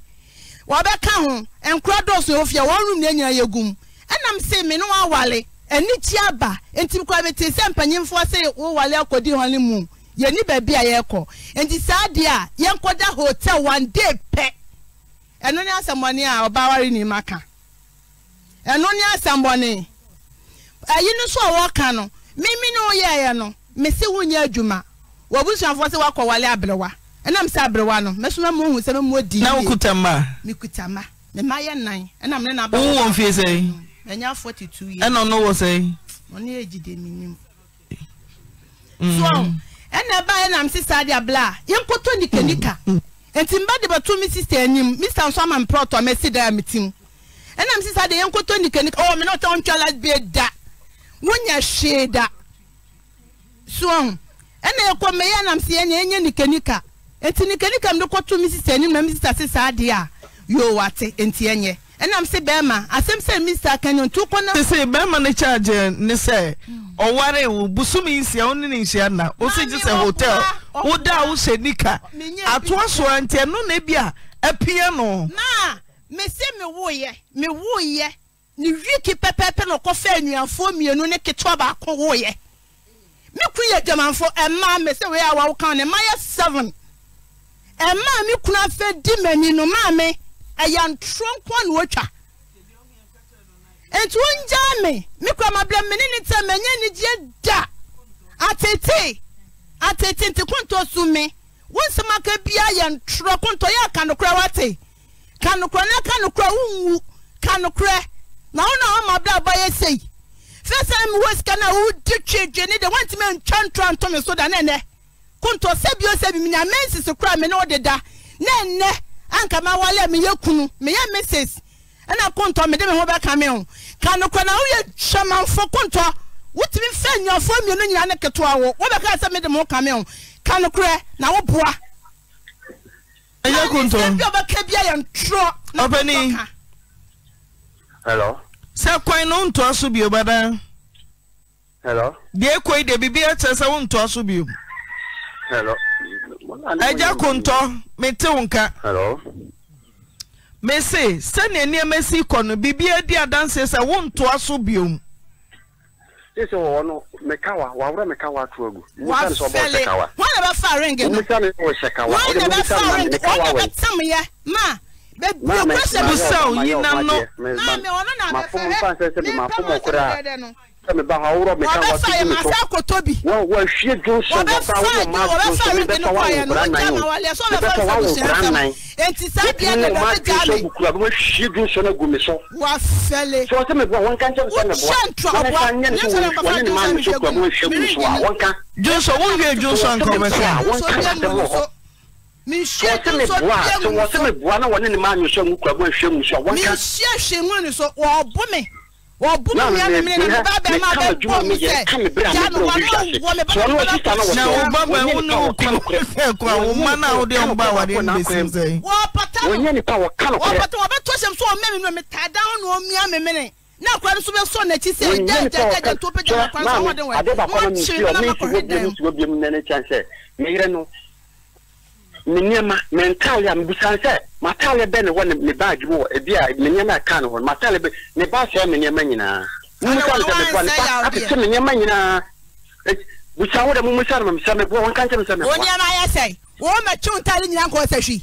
Speaker 1: wɔbɛka ho nkora dɔɔso yɛ ofia wɔn rum ne nyinaa yɛ gum ɛnam se me ne wawale ɛni kyi aba nti kora me te sɛ mpanyimfoɔ se wowale akɔdi hɔn mu yɛni baabi a yɛkɔ nti saa adeɛ a yɛnkɔda hotel one day pɛ ɛno ne asɛmmɔne a ɔbaaware ni ma ka ɛno ne asɛmmɔne ɛyi no so a wɔka no mimi ne woyɛɛyɛ no mese wonyɛ adwuma wɔ abusuafoɔ sɛ wakɔ wale abrewa ɛnam sɛ abrewa no mɛsoma mu ohun sɛ mɛ odi. na okuta mma. mi kuta mma mɛ mma yɛ nan ɛnam ne n'aba. ohun wɔn fie sɛn. ɛnya mm. forty two years. ɛna ɔno wɔ sɛn. ɔno yɛ gidi mi nim. Mm. so ɛna ɛba ɛnam sisa adi abla yɛn koto nikanika nti mba de bɛtu mi sista anim mista nso ama mpɛ ɔtɔ mɛ si da mi ti mu ɛnam sisa de yɛn koto nikanika ɔwɔ mi na ɔtɔn twala bi da wonya hwee da so ɛnaɛkɔ mɛyɛ nam se ɛnyɛ ɛnya nikanika nti nikanika mee kɔto mese sanimamsta se saadeɛ a ywte ntiyɛ ɛnam se bɛima asɛm sɛ msa kys bɛima no kyɛage ne sɛ ɔwareo bosome nsia wonene nhyia na osye sɛ hotel wodaa wosɛ nika atoa soa nti ɛnone bi a ɛpiɛ no na mese mewoyɛ mewoyɛ ne wiki pɛpɛpɛ nokɔfɛ anuamfoɔ mminu n ketewabaak woɛ ne kun yɛ gyamanfo ɛmaa e mi sɛ wei a kan ne ma seven ɛmaa e mi kun afɛ di mɛni no maa mi ɛyɛ ntoronkɔ na wotwa nti wɔn gyaa mi mi kura ma bila mɛni ne tɛ mɛnyɛ ne gye da atete atete nti kontɔ su mi wɔn nsɛm aka bia yɛ ntorɔ kontɔ yɛ akanokora wate kanokorɔ ne akanokora wunwu kanokorɛ na wɔn a wɔn ma bila tẹ sẹ na o di twedwe ne de wọn ti mi ntwa ntwa ntọmi so da ne nẹ kuntu sẹbi o sẹbi mi na nsisi kura mi na ọdi da ne nẹ anka ma wale mi yɛ kunu mi yɛ mrs ɛna kuntu mi de mi ho bɛ ka mi o kanukura na o yɛ twɛmanfo kuntu wotumi fɛ nyɔfo mienu nyinaa ne ketewa wo wɔbɛ ka sɛ mi de mi ho ka mi o kanukura na o boa. ɛyɛ kuntu ɔbɛni. hello sɛ kwan no ntoa so bio bada deɛ koi deɛ biribi akyerɛ sɛ wo ntoa so bio agya kontɔ mete wo nka mese sɛnea nneɛma si kɔ no biribia di adanse sɛ wo ntoa so biom sisi wɔ hɔ no mekawa wawura mekawa ato agu wafɛle wɔn na bɛfa renge no wɔn
Speaker 2: na bɛfa renge wɔn na bɛtam
Speaker 1: yɛ maa busaw nyinam no
Speaker 2: maame ɔno na abɛfɛ ɛ ne mpama ɔsɛ dɛdɛ no wɔbɛfa yɛ masa akoto bi wɔbɛfa yɛ wɔbɛfa yɛ de no kɔ yɛ no wɔgya ma wale ɛsɛ wɔbɛfa yɛ sabu hyɛ nsɛm
Speaker 1: eti saa deɛ ne bɛ gya mi wafɛle
Speaker 2: wohyɛ ntɔbɔ ne nsɛm
Speaker 1: nkɔfra
Speaker 2: de nsɛm hyɛ gu mi junso wohwie junso nkɔmɛsɛ a
Speaker 1: minhyia bi nso bia mu nso wɔte
Speaker 2: me bua na wɔne ne maa nyɔsɔ mu kura bɔ nhwɛ mu nso a wɔn ka minhyia
Speaker 1: hwɛ mu ne so wɔɔbo me wɔɔbo me mìíràn mi ne ne ba bɛn ma bɛ bɔ mu sɛ ya no wɔn a wɔ me ba bɛ ba na o ba bɛ wo ne o kɔ fɛ kɔ a o ma na o de o ba awade ne bɛ si sɛ. wɔpata no wɔpata wɔbɛ to sɛm so wɔn mɛ mi mi taa dan na o mia mi mi ne na akora no so n'akyi sɛ ɛgya ɛgya ɛgya ɛgya to pɛgya n'akora wɔn de wɛ wɔn akyi wɔn
Speaker 2: akɔ hɛ dɛm. me nneɛma me ntaale a mebusan sɛ mataale bɛ ne wɔ ne me baage mu wɔ ebi a me nneɛma ɛka no hɔ mataale bɛ ne ba sɛ me nneɛma nyinaa mumusa no sɛ meboa ne ba apete me nneɛma nyinaa e, busan wo dɛ mumusa no me mesɛ meboa wɔnka nkyɛ me sɛ meboa wo nneɛma
Speaker 1: ayɛ sɛ wɔn mɛtwe ntaale nyinaa nkɔ sɛ hwi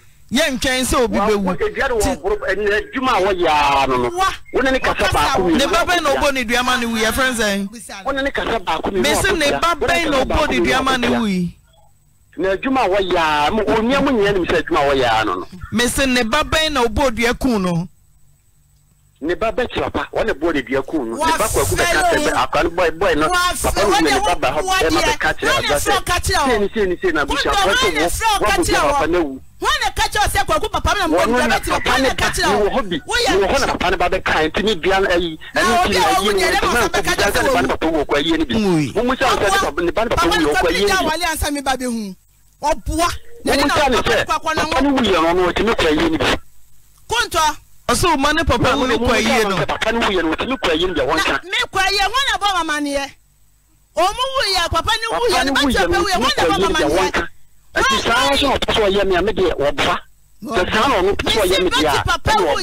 Speaker 1: yɛ ntwɛn sɛ obi bɛwu ti ne ba bɛn na ɔbɔ ne duama ne wu yɛ fɛn sɛn mesin ne ba bɛn na ɔbɔ ne duama ne wu yi.
Speaker 2: na adwuma wɔyɛ a onyɛ mu nyɛ nim sɛ adwuma wɔyɛ a no no.
Speaker 1: mesin ne ba bɛn na
Speaker 2: ɔbɔ dua kun no. ne ba bɛ kyerɛ pa wɔne bɔ ne dua kun no ne ba kɔ ɛku bɛ ka kyerɛ bɛ akwa no bɔyɛ bɔyɛ no papa no ne ba ba hɔ bɛɛ ni sɛ ni sɛ na abusua kɔ sɛ wɔ wɔ abusua wọn na ka kyerɛ sɛ kwaku papa na mbɔ nira bɛtiri wọn na ka kyerɛ o woyɛ wɔ hɔ na papa ne ba bɛ kan ti ni bia ayi ɛni ti ayi ɛni ti na ko bi jansa ne ba ne papa wɔ kɔ ayi ɛni bi mo mu sɛ ɔsɛ ne ba papa wɔ kɔ ayi ɛni bi papa ne kɔ bi ja wale
Speaker 1: ansa mi papa kɔ
Speaker 2: akɔ na ŋɔ
Speaker 1: papa mi kɔ ayi ɛni bi. kontɔ. ɔsɛ ma ne papa wo ne kɔ ayi yɛ papa ne wuli yɛn no ɔtí mi kɔ ayi ɛni bi wɔn kan. mi kɔ ayi yɛ na bɔ mama ni yɛ. ɔmu papa ne wuli yɛ no bɛ tɛ pɛ wuli yɛ na bɔ
Speaker 2: mama ɛti saa sɛ ɔpɛ sɛ ɔyɛ me a me deɛ wɔboa sɛ saa na ɔno pɛ sɛ ɔyɛ me deɛ a ɛne
Speaker 1: wɔboayɛmmra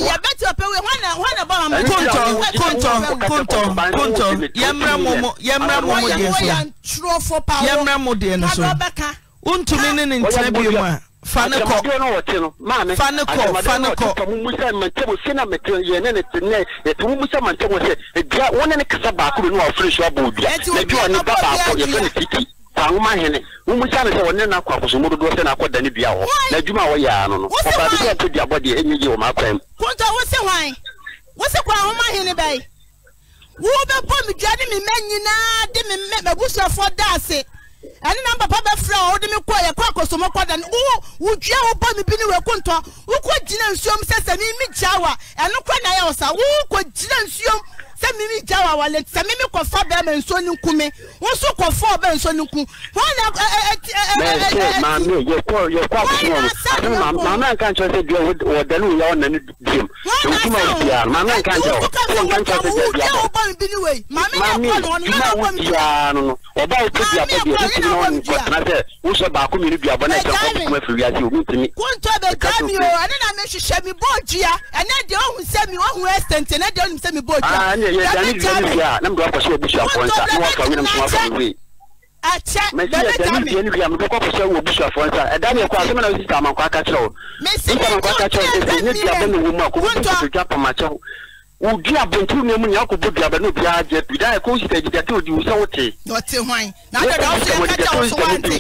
Speaker 1: mo deɛ no so wontumi ne ne ntena bio mu a fa ne kɔ fa ne kɔ fa ne kɔ ɛti
Speaker 2: wɔn ne ne kasa baako bi ne wa firi so abɔ odua na ebi wa ne ba baako yɛ fɛ ne titi ahoma hene womusa ne sɛ wɔne no akɔ akosomu dodoɔ sɛ naakɔ da ne dua hɔ na adwuma a wɔyɛ no no ɔbaade sɛ ɛto duabɔ deɛ gye wɔ
Speaker 1: maakwan mu konta wo ne me nyinaa de mabusuafoɔ da ase ɛne na papa bɛfrɛ a wode me yɛkɔ akɔsomu kɔ no wo wobɔ me bi ne wɔakontɔ wokɔ nsuom sɛ sɛ me a ɛno kora na ɛyɛ wo sa wokɔ nsuom sɛ mimi gya wa wale sɛ mimi kɔfa bɛrima nsuo ne nkume wɔn nso kɔfa ɔbɛ nsuo ne nkume wɔn na ɛ ɛ ɛ
Speaker 2: ɛ ɛ ɛ maame yɛ kɔ yɛ kɔ akutuma mu maame nka nkyɛn sɛ diɛ wɔ dani wɔ yawo nani diɛm nkuma wɔ diya maame nka nkyɛn wɔ nka nkyɛn sɛ diɛ diya bɔ
Speaker 1: maame nkuma
Speaker 2: wɔ diya nono ɔba yi ko diya bɔ diɛ ne ti na wɔn kɔtena sɛ wosɔ baako mienu diya bɔ ne sɛ nkɔ kuma firi wiase o mi ti mi.
Speaker 3: kuntɔ bɛ gya mi o ɛne na mi hyehyɛ mi bɔ
Speaker 1: diya ɛne deɛ ohun sɛ mi ohun ɛsɛnti ɛne deɛ ohun sɛ mi bɔ diya yɛ yɛ dani diɛ ni wia ne
Speaker 2: mu dɔn akɔsɛ obusu afɔ nsa ne wa fa wi ne mu sɔn afa wi.
Speaker 1: ɛkyɛ dani
Speaker 2: diɛ ni wia mu dɔn akɔsɛ obusu afɔ nsa ɛda ni ɛkɔ asɛmɛ na sisi amankɔ aka kyerɛw sisi amankɔ aka kyerɛw sisi ne diabɛ ne wo mu a ko ko tutu dwa pama kyɛw o di abontu ne mu nya ko bo diabɛ ne obiara jɛ bi da yɛ ko sisi ɛdi jate odi wusa wote.
Speaker 1: ɔte hwan na ɔte da ɔsɛ ɛka kyɛ ɔsɛ wante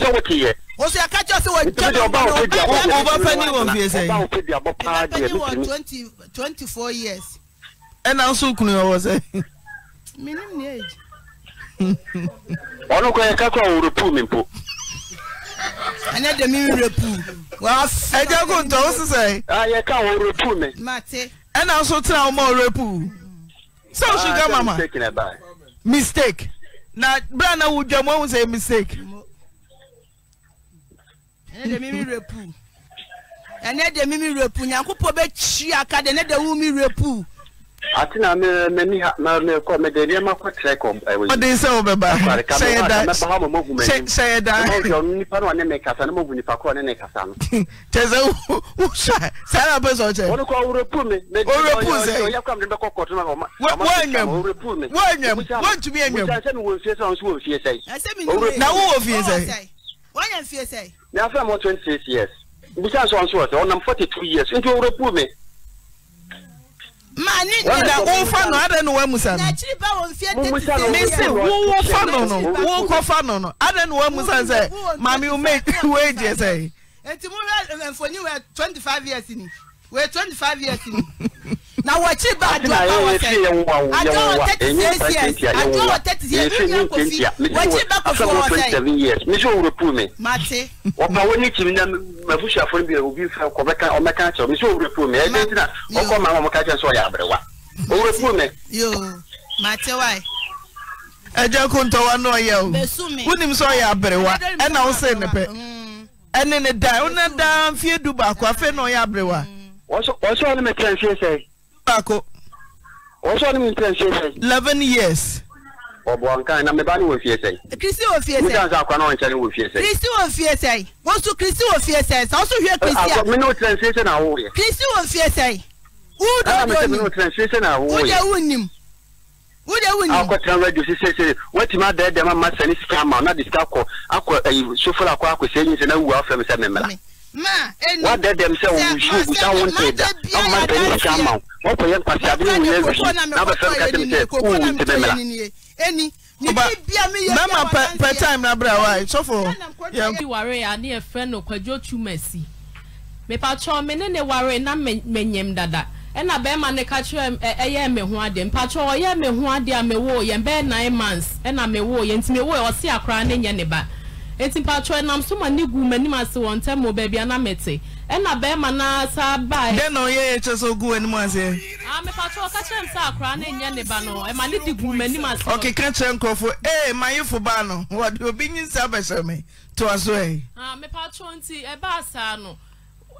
Speaker 1: ɔsɛ ɛka kyɛ ɔsɛ wɔn jɛ bɛ wɔn ɔbɛ fɛ ni wɔn fie sɛ. ɔbɛ fɛ ni wɔn twenty twenty four years ɛna nso kunu ɔwɔ sɛ. minim ni age. ɔno kɔ yɛ kakɔ ɔwɔrɔ puu mi mpo. ɛnɛ dɛ mi wura puu. wàásù. ɛjẹ kò ntọ́ ó sísè. a yɛ ká ɔwɔrɔ puu mi. ɛna nso tena ɔmɔ ɔwɔrɔ puu. sɛ o sugar ah, mama. mistake na ba. na bra na wo dwa mu mistake. ɛnɛ dɛ mi wura puu. ɛnɛ dɛ mi wura puu nyankopɔ bɛ kyi aka dɛ ɛnɛ dɛ wo mi wura puu
Speaker 2: ati na mɛni ha na ne kɔ mɛ de nneɛma kɔ tẹ kɔ ɛwɛ. Eh, ɔdi sɛ o bɛ ba sɛyɛ da sɛyɛ da. ɔjɔ nipa náà ne ne kasa ne mo bu nipa kɔ ne ne kasa no.
Speaker 1: tẹsɛ o o sa sara bɛ sɔn cɛ. o de ko awurepu mi. awurepu sɛ. o yɛ
Speaker 2: kɔ mi bɛ kɔ kɔtun na kɔ ma. wɔ ɛnyɛm awurepu mi. wɔ ɛnyɛm wɔ ntumi ɛnyɛm. musa sɛmi wo fie sɛ ɔn si wo fie
Speaker 1: sɛ. na wo wo fie sɛ. wɔn yɛ fie sɛ.
Speaker 2: n'a fɛ mo twenty six years. musa sɔn so
Speaker 1: maa ni nyina wo fa no ada na wamu Musa, no me se wo wo fa no no wo kɔ fa no no ada na Musa, sa sɛ maame wo make wo agye sɛ. eti mu wɛ mfoni eh, wɛ twenty five years ni wɛ twenty five years ni na wɔkyi ba adwoa wɔ sɛ adwoa wɔ thirty years adwoa wɔ thirty years mi nyɛ kofi wɔkyi ba kofi wɔ sɛ.
Speaker 2: misi owurɔ puu mi. mate. ɔpa ni tìmí na mɛfusuafo bi obi fɛ kɔbɛka ɔmɛka kyerɛ misi owurɔ puu mi ɛdɛ ntina ɔkɔ maa wɔn ka kyerɛ sɛ ɔyɛ abiriwa owurɔ puu mi.
Speaker 1: yoo mate wa ye ɛjɛ ko ntɔwa n'ɔyɛ o wunim sɛ ɔyɛ abiriwa ɛna ɔsɛ nipɛ ɛne ne dan ɔne dan fie du baako afei na ɔyɛ abiriwa. wɔsɔ wɔsɔ ɔne mɛ kyerɛ nfiɛ sɛ baako. wọ́n sọ ni mi sẹ́ ṣe sẹ́yìn. eleven years.
Speaker 2: ọ̀bọ̀ nkan na mẹ́bàá ni wò fi ẹsẹ̀ yìí.
Speaker 1: kristi wò fi ẹsẹ̀ yìí. nígbà àkọ́ náà nkyẹn
Speaker 2: ni wò fi ẹsẹ̀ yìí. kristi
Speaker 1: wò fi ẹsẹ̀ yìí wọ́n sún kristi wò fi ẹsẹ̀ yìí sọ́sùn hwẹ́ kristi à. mi n'o
Speaker 2: translation na awo yẹ.
Speaker 1: kristi wò fi ẹsẹ̀ yìí. wúdò wúdò ni
Speaker 2: wúdò wúdò
Speaker 1: ni wúdẹ wù ní. akɔ tẹn
Speaker 2: rẹ josi sese wẹti ma dẹ dẹ ma ma ma ọ na de sika akɔ akɔ ẹyin sofo wadɛdɛm sɛ wosuo busa wo nteda na woma mpani sika ama wo wɔkɔyɛ mpaseade ne wonya afi na wobɛfɛm ka kyɛm sɛ wowu nte bɛmmra
Speaker 1: bɛma pɛ time na berɛ wa sɔfo yɛware a ne yɛfrɛ no kwadwo tumasi mepakyɛ me ne ne ware na menyam dada ɛna bɛrima ne ka kyerɛ ɛyɛ me ho adeɛ mpakyɛ ɔyɛ me ho adeɛ a mewoo yɛn bɛyɛ nine months ɛna mewoo yɛn nti mewoo yɛ ɔse akora ne nyɛ ne ba eti mpatwa nam so ma ni gu m'anim ase wɔ ntɛm wɔ baabi ana mete ɛna bɛrima na saa baa. dɛ na ɔyɛ ɛkyɛ so gu anim aseɛ. aa mipatwa ɔka kyerɛ m sɛ akora ne nyɛ ne ba no ɛma e ne di gu m'anim ase. ɔkeka kyerɛ nkurɔfo ee mayefo baa no wɔde obi nyi nsa bɛhyɛ me toa so ɛ. aa mipatwa nti ɛbaa e saa no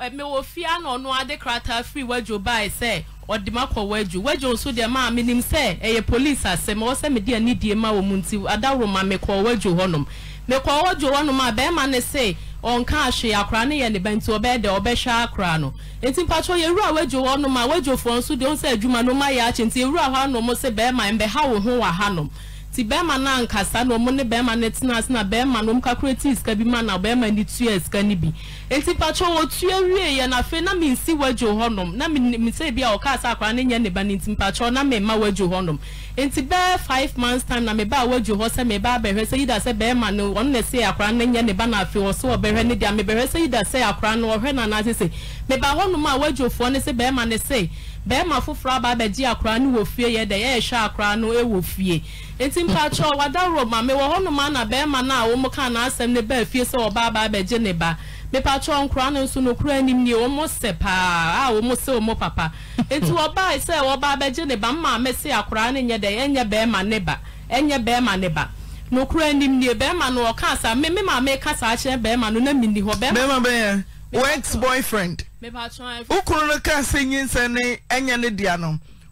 Speaker 1: e, mewɔ fia na ɔno ade krataa firi wadwo baa sɛ ɔde ma kɔ wadwo wadwo nso deɛ maa mi nim sɛ ɛyɛ polisi asɛm ɔsɛ mi di ani die ma wɔn nti adaworo ma mi kɔ wadwo hɔnom. eka oweow on ma beman si onka shia kranyanbentobede obesha kranu ti kpacha oye ruo wejeweonu ma wejeofo nsu di osejumanu ma yachentie ru ahụanu m si bee ma mgbe ha wụ hụ ha hanu nti bɛrima no ankasa na ɔmo ne bɛrima no tena ase na bɛrima no ɔmo kakra ti sika bi ma na bɛrima no tua sika no bi nti patro wɔtua wie yɛ na na mi nsi wadwo hɔnom na mi mi sɛ bi a ɔka asa akora ne nyɛ ne ba ne nti patro na mi ma wadwo hɔnom nti bɛɛ five months time na mi ba wadwo hɔ sɛ mi ba abɛhwɛ sɛ yida sɛ bɛrima no ɔno na ɛsɛ akora ne nyɛ ne ba na afei ɔsɛ ɔbɛhwɛ ne deɛ mi bɛhwɛ sɛ yida sɛ akora no ɔhwɛ na na sese mi ba hɔnom a wadwofoɔ ne sɛ bɛrima ne sɛ bɛrima foforɔ aba abɛgye akora no wɔ fie yɛ dɛ yɛ ɛhwɛ no ɛwɔ fie eti mpatsɔ wadawuro maame wɔ hɔnom ana bɛrima na a wɔn ka na asem na bɛɛ fie sɛ ɔbaa baa bɛgye ne ba mipatsɔ nkura no nso no kura anim nie wɔn sɛ paa a wɔn sɛ wɔn papa eti ɔbaa sɛ ɔbaa bɛgye ne ba maame sɛ akura ne nyɛ dɛ ɛnyɛ bɛrima ne ba ɛnyɛ bɛrima ne ba n'okura anim nie bɛrima no ɔka asa me maame kasa akyerɛ bɛrima na mi ni hɔ bɛrima. bɛrima bɛyɛ wɔ ex boyfriend. mipatsɔ ɛfɛ. ukuru no ka se nyinsɛn ne ne dia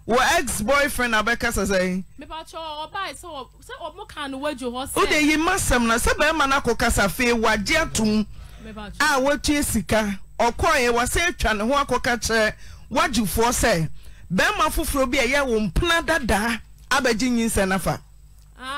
Speaker 1: wɔ ex boyfriend abɛkasa sɛn. mipatsɔ ɔbaa yi sɛ sɛ ɔmo kan no wadwo hɔ sɛ. o de yi ma sɛm na sɛ bɛrima na kɔ kasa fee wagye atum a watua sika ɔkɔɛ wasa atwa ne ho akɔka kyerɛ wagyefoɔ sɛ bɛrima foforɔ bi a ɛyɛ wɔn mpena dadaa abɛgye nyinsɛ nafa.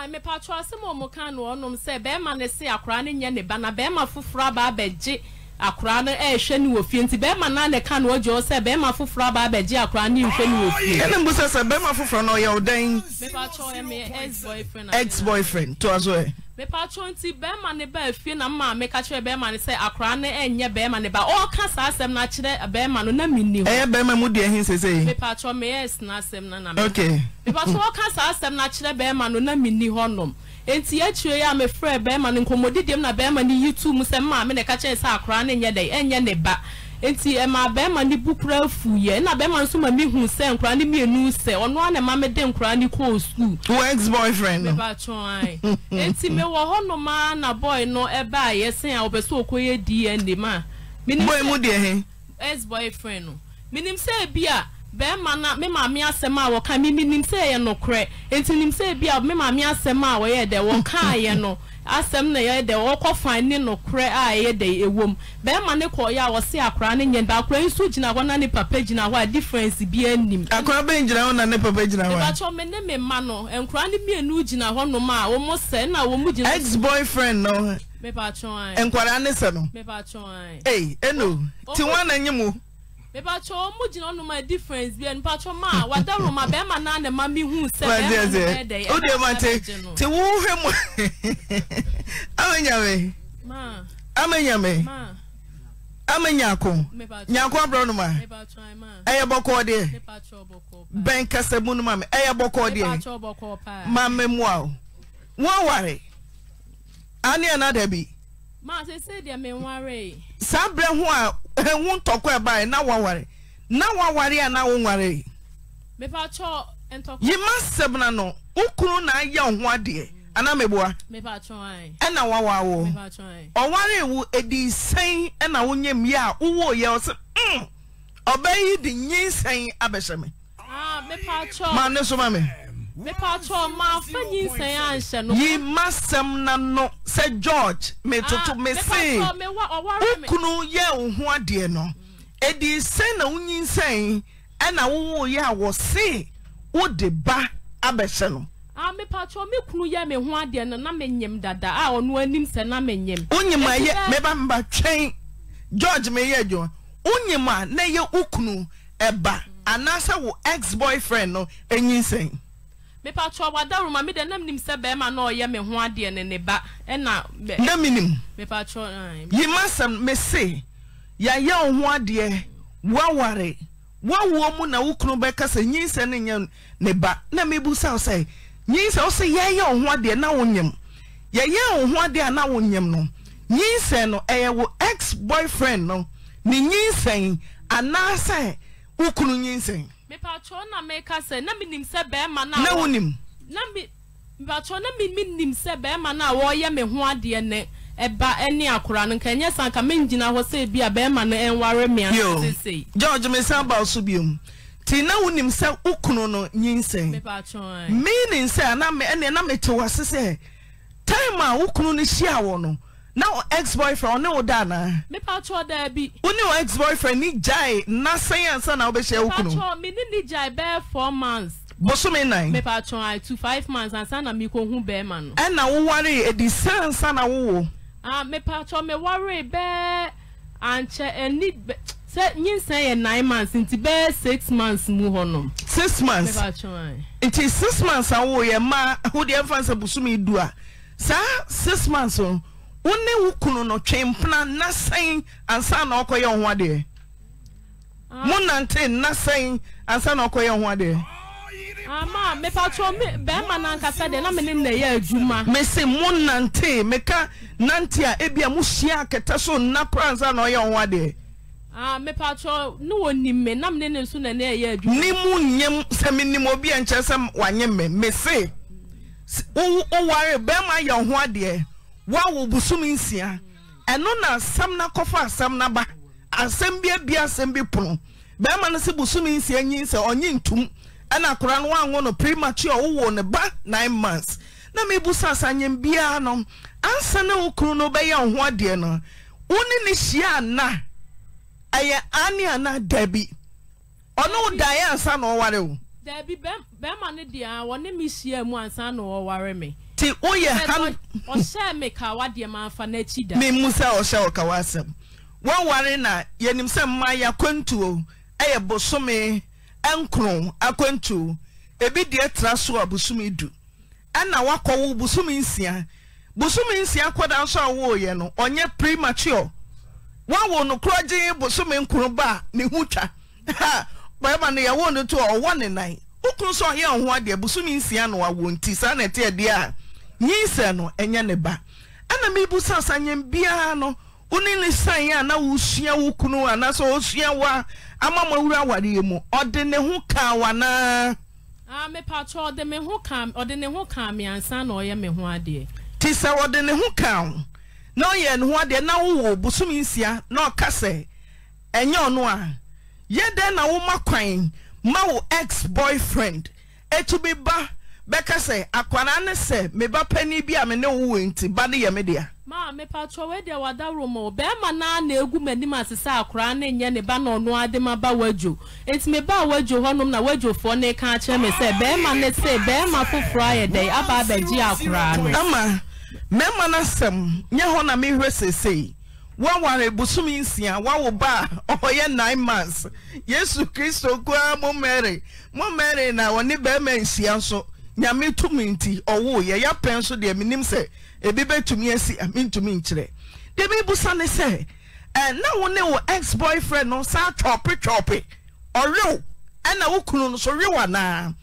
Speaker 1: mipatsɔ asɛm a ɔmo kan no ɔnom sɛ bɛrima ne se akora ne nyɛ ne ba na bɛrima foforɔ aba abɛgye. akora no ɛrehwɛ ne wɔ fie nti bɛrima naa na ɛka na ɔgye ɔ sɛ foforɔ aba abɛgye akora ne nhwɛ ne wɔ fie. ɛna mbu sɛ sɛ foforɔ no ɔyɛ ɔdan. mepa atwɔ ex boyfriend. ex boyfriend to aso ɛ. mepa nti bɛrima ne ba efie na mma me ka kyerɛ bɛrima ne sɛ akora no ɛnyɛ bɛrima ne ba ɔɔka saa asɛm na kyerɛ bɛrima no na mi ni ɛyɛ bɛrima mu di ɛhin sese yi. mepa atwɔ na asɛm na na me. okay. mepa ɔɔka saa asɛm na kyerɛ bɛrima no na mi ni hɔ nom nti akyire yi a mefrɛ bɛrima no nkɔmmɔdidiɛm na bɛrima no yi tu mu sɛ maame na ɛka kyɛn sɛ akora no nyɛ dɛ ɛnyɛ ne ba nti ɛma eh, bɛrima no bu kura afu yɛ ɛna bɛrima nso ma mi hu sɛ nkura no mmienu sɛ ɔno ana ma mi de nkura no kɔɔ sukuu. wɔ ex boyfriend no. bɛba atwɔn ayi nti mi wɔ hɔnom a na boy no ɛba eh, a yɛsɛn a ɔbɛ so okɔ yɛ dna ma. boy mu deɛ he. ex boyfriend no minim sɛ ebi a. bɛrima na me maame asɛm a wɔka me nim sɛ ɛyɛ nokorɛ nti nim sɛ bi a me maame asɛm a wɔyɛ dɛ wɔkaayɛ no asɛm na ɛyɛ dɛ wɔkɔ fan ne nokorɛ a ɛyɛ dɛ ɛwɔ mu bɛrima ne kɔɔyɛ a wɔse akora ne nyɛ ba akora nso gyina hɔ na ne papa gyina hɔ a difference bi anim. akora bɛn gyina hɔ na ne papa gyina hɔ a. ebakyɛ ɔmɛ ne me ma no nkora ne mmienu gyina hɔ nom a wɔn sɛ na wɔn gyina. ex boyfriend no. mepa atwɔn an. ne sɛ no. mepa atwɔn an. ee eno tiwọn na nye mu. mipatsɔ ɔmu gyina ɔnum a difference bi yɛ mipatsɔ ma wada ma bɛrima na na ma mi hu sɛ bɛrima naa ɛdɛ yɛ ɛdɛ ma te te wuhɛ mu amenyame amenyame ama nyako nyako abrɔ no ma ɛyɛ bɔkɔɔ deɛ bɛn kasa mu no ma me ɛyɛ bɔkɔɔ deɛ ma me mua o wɔn ware aneɛ na dabi maa sɛ sɛ deɛ me nware. saa berɛ ho a ɛho ntɔkwa ɛbaeɛ na waware na waware a na wonware. mepa kyɔ ntɔkwa. yi ma sɛbina no nkuru na ayɛ ɔho adeɛ ana meboa. mepa kyɔ an. ɛna wawa wo. mepa kyɔ an. ɔware ewu edi nsɛn ɛna wonye mmea a wowɔ yɛ ɔsɛ mm ɔbɛ yi di nyinsɛn abɛhyɛ me. aa mepa kyɔ. maa ne so ma mi. yima sɛm na sɛ george metoto mesee wokunu yɛ wo ho adeɛ no ɛdi na wonyinsɛn ɛna wowoyɛ a wɔ see wode ba abɛhyɛ no mepatɔ me kunu yɛ me ho adeɛ no na menyem dada a ah, ɔno anim sɛ na menyem wonyim meba meba twɛn george meyɛ adwuma wonyim na ɛyɛ wo kunu ɛba anaasɛ wo ex boyfriend no ɛnyinsɛn na menimyima sɛ mese yɛyɛ wo ho adeɛ waware woawoa mu na wo kunu bɛka sɛ nyinsɛ no yɛ ne ba na mɛbu sɛwo sɛ yinsɛ wo sɛ yɛyɛ o ho adeɛ na wo nyam yɛyɛ o ho adeɛ ana wo nyam no nyinsɛe no ɛyɛwo x boyfriend no ne nyinsɛe anaasɛ wo kunu nyinsɛe mepatwɔ na meka sɛ na menim sɛ bɛrima na wonim na mepatwɔ na menim sɛ bɛrima no a wɔreyɛ me ho adeɛ ne ɛba akora no nka ɛnyɛ sanka mengyina hɔ sɛ bi a bɛrima no ɛnware me george ba so biom na wonim sɛ wo no nyinsɛn e. meaning sɛ na mete wɔ ase sɛ time a no hyia wɔ no Now ex boyfriend ɔne wo da anaa. mipa atwa daa bi. wo ne wo ex boyfriend ni jai na sɛn ansa na wobɛhyia wo kunu. mipa atwa mi ni ni gyae bɛɛ four months. bosome nan. mipa atwa ayi two five months and na mi ko hu bɛɛma no. ɛna wowari edi sɛn ansa na wowo. ah mipa atwa mi wari bɛɛ ankyɛ ɛni bɛ sɛ nyinsan yɛ nine months nti bɛɛ six months mu hɔ nom. six months mipa atwa ayi. nti six months awo yɛ maa ahodeɛ nfa nsɛ bosome du a saa six months o. wo ne wo kunu no twempena na sɛn ansa na ɔkɔyɛ wo ho adeɛ ah. mo nante na sɛn ansa na ɔkɔyɛ wo ho adeɛ ama mepatro bɛrima no ankasa deɛ na mene na ɛyɛ adwuma mese mo nante meka nante a ebia mohyia akɛtɛ so nna kora ansa na ɔyɛ wo ho adeɛ ah, mepatro ne wɔ nim me na mene ne nso na ne ɛyɛ adwuma ne mu nyɛm sɛ menim obi a nkyɛ sɛ wanyɛ me mese woware bɛrima yɛ wo ho adeɛ woawɔ bosom nsia ɛno na asɛm na kɔfa asɛm na ba asɛm bi abia asɛm bi pono bɛrima no sɛ bosom nsia nyin sɛ ɔnye ntum ɛna akora no woanwo no premature wowɔ ne ba nine months na mebu sa asanyɛm biara no ansa na wo kunu no bɛyɛ wo ho adeɛ no wo ne hyia ana ɛyɛ ane ana dabi ɔne wo daeɛ ansa na ɔware wo dabi bɛrima no deɛ a wɔne me hyia mu ansa na ɔware me nti woyɛ hamemu sɛ ɔhyɛ wo kawa asɛm wɔware na yɛnim sɛ mma yɛ akwantuo ɛyɛ bosome nkron akwantuo ebi deɛ tra so a bosome du ɛna wakɔ wo bosome nsia bosome nsia kɔda nso a wɔɔyɛ no ɔnyɛ premature wɔawo no korɔ gye bosome nkron ba ne ho twa bɛrima no yɛwo no to a ɔwɔ ne nan wokuru sɛ ɔyɛ ɔho adeɛ bosome nsia na wawo nti saa na ɛte adeɛ a nyinsɛ no ɛnyɛ ne ba ɛna mebu sa sa nyɛm biara no wone ne sane a na wosua wo kunu anaasɛ wosua wo ama ama ah, ma wura awareɛ mu ɔde ne ho kaa wanaa mepatɔ ɔde me ho kaa ɔde ne ho kaa me ansa na ɔyɛ me ho adeɛ nti sɛ ɔde ne ho kaa wo na ɔyɛ ne ho adeɛ na wowɔ bosom nsia na ɔka sɛ ɛnyɛ ɔno a yɛ dɛn na woma kwan ma wo ex boyfriend ɛtumi ba bɛka sɛ akwaraa ne sɛ meba panyin bi a me ne wowɔ nti ba ne yɛ me dea maa mepatwa wei deɛ wada romɔ bɛrima naa na egu m'anim ase sɛ akwaraa ne nyɛ ne ba na ɔno ade ma ba wadwo eti me ba wadwo hɔnom na wadwofoɔ ne ka akyerɛ me sɛ bɛrima ne se bɛrima foforɔ ayɛ dɛ aba abɛgye akwaraa no. ama mmarima n'asɛm nye hɔ na mehwɛ sesei waware bosomi nsia wawo ba a ɔyɛ nine months yesu kristo koraa mo mary mo mary na ɔne bɛrima nsia nso. nyame tumi nti ɔwo yɛ ya pɛn so deɛ menim sɛ ebi bɛtumi asi mentumi nkyerɛ deɛ mebusa ne sɛ ɛɛ na wo ne wo ex boyfriend no saa twɔpe twɔpe ɔwew ɛna wo kunu no so wew anaa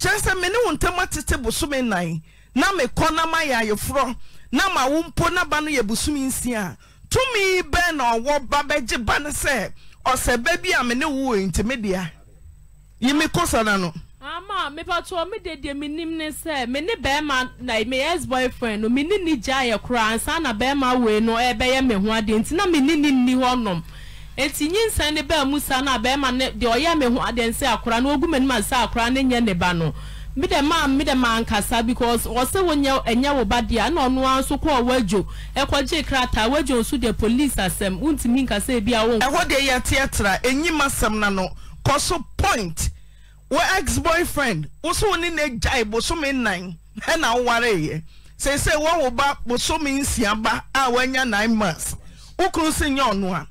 Speaker 1: kyerɛ sɛ me ne wo ntam atete bosome nan na mekɔ na ma yɛ ayeforɔ na ma wo mpo na ba no yɛ bosome nsia tumi bɛn na ɔwɔ ba bɛgye ba no sɛ ɔsɛ ba bi a me wo wɔ ntimi dea yi me kɔ sa na no. ama mepatụọ mededeɛ menim ne sɛ me ne bɛrima na me ex boyfriend no ni ne gya yɛ koraa ansa na bɛrima wee no ɛbɛyɛ e me ho adeɛ nti na me ni ne nni hɔnom eti nyinsɛn ne bɛɛ mu sa na ne ɔyɛ akora na ogu akora ne ne ba no dɛ maa dɛ maa nkasa because ɔsɛ ɛnyɛ ba ɛna ɔno e nso kɔ nso polisi asɛm ntumi nkasa ebi awo. ɛhɔ wo ex boyfriend wosow ne na gyae bosome nnan ɛna woware ye. sese wɔn wo ba bosome nsia ba a wɔanya nine months wokuru si nye ɔno a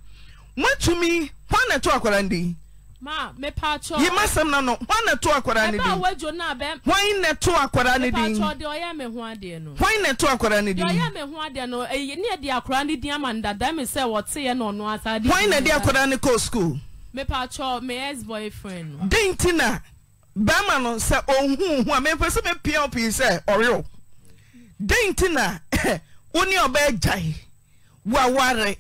Speaker 1: mmatumi wɔn na ɛto akwadaa ndi. ma mepa atwa. yi ma sɛm na no wɔn na ɛto akwadaa ne di. ɛbɛ awajo na abɛ. wɔn na ɛto akwadaa ne di. mepa atwa de ɔyɛ me ho adeɛ no. wɔn na ɛto akwadaa ne di. de ɔyɛ mi ho adeɛ no eyi ne de akwadaa ne di ama ndada mi sɛ wɔte yɛ na ɔno asa. wɔn na de akwadaa ne kɔ sukuu. den nti na bɛrima no sɛ ɔhuhu a mepɛ sɛ mepia pii sɛ ɔrewo den nti na wo ne ɔbɛagyae waware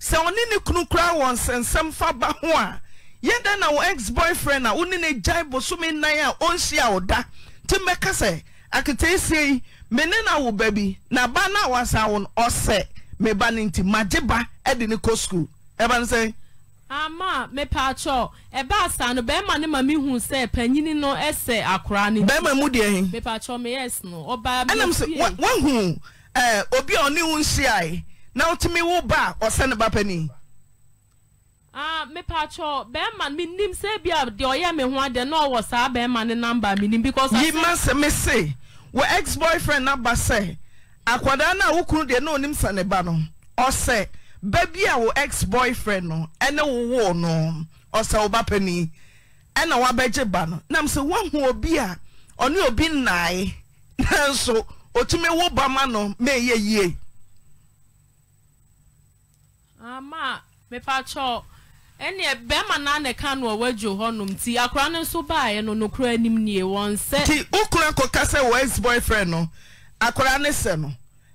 Speaker 1: sɛ ɔne ne kunu koraa wɔ nsɛnsɛm fa ba ho a yɛdɛn na wo ex boyfriend a wone ne gyae bosome nnan a ɔnhyia wo da nti mɛka sɛ aketaasie yi mene na wo ba bi na ba na wasa wo no ɔsɛ meba no nti magye ba de ne kɔ skuul ɛba no ama mepatwɔ ɛbaa saa no bɛrima ne ma mi hu sɛ panyini no sɛ akora no bɛrima mu deɛ he mepatwɔ meyɛs no ɔbaa ɛnam sɛ woahu obi a ɔne wo nhyiae na wotumi wo ba a ɔsɛ ne ba pani mepatwɔ bɛrima menim sɛ bi a deɛ ɔyɛ me ho adeɛ na ɔwɔ saa bɛrima ne namba menim because yima sɛ me se wɔ ex boyfriend naba sɛ akwadaa no a wo deɛ na onim sɛ ne ba no ɔsɛ baabi a wo ex boyfriend no ɛne wowoo no ɔsɛ wo ba pani ɛna woabɛgye ba no nam sɛ woahu obi a ɔne obi nnae nanso ɔtumi wo ba ma no mɛyɛ yie ama mepakyɛ ɛneɛ bɛrima naa na ɛka no ɔwadwo hɔnom nti akora no nso baeɛ no nokora anim nie wɔn sɛ nti wokora kɔka sɛ wɔ ex boyfriend no akora ne sɛ no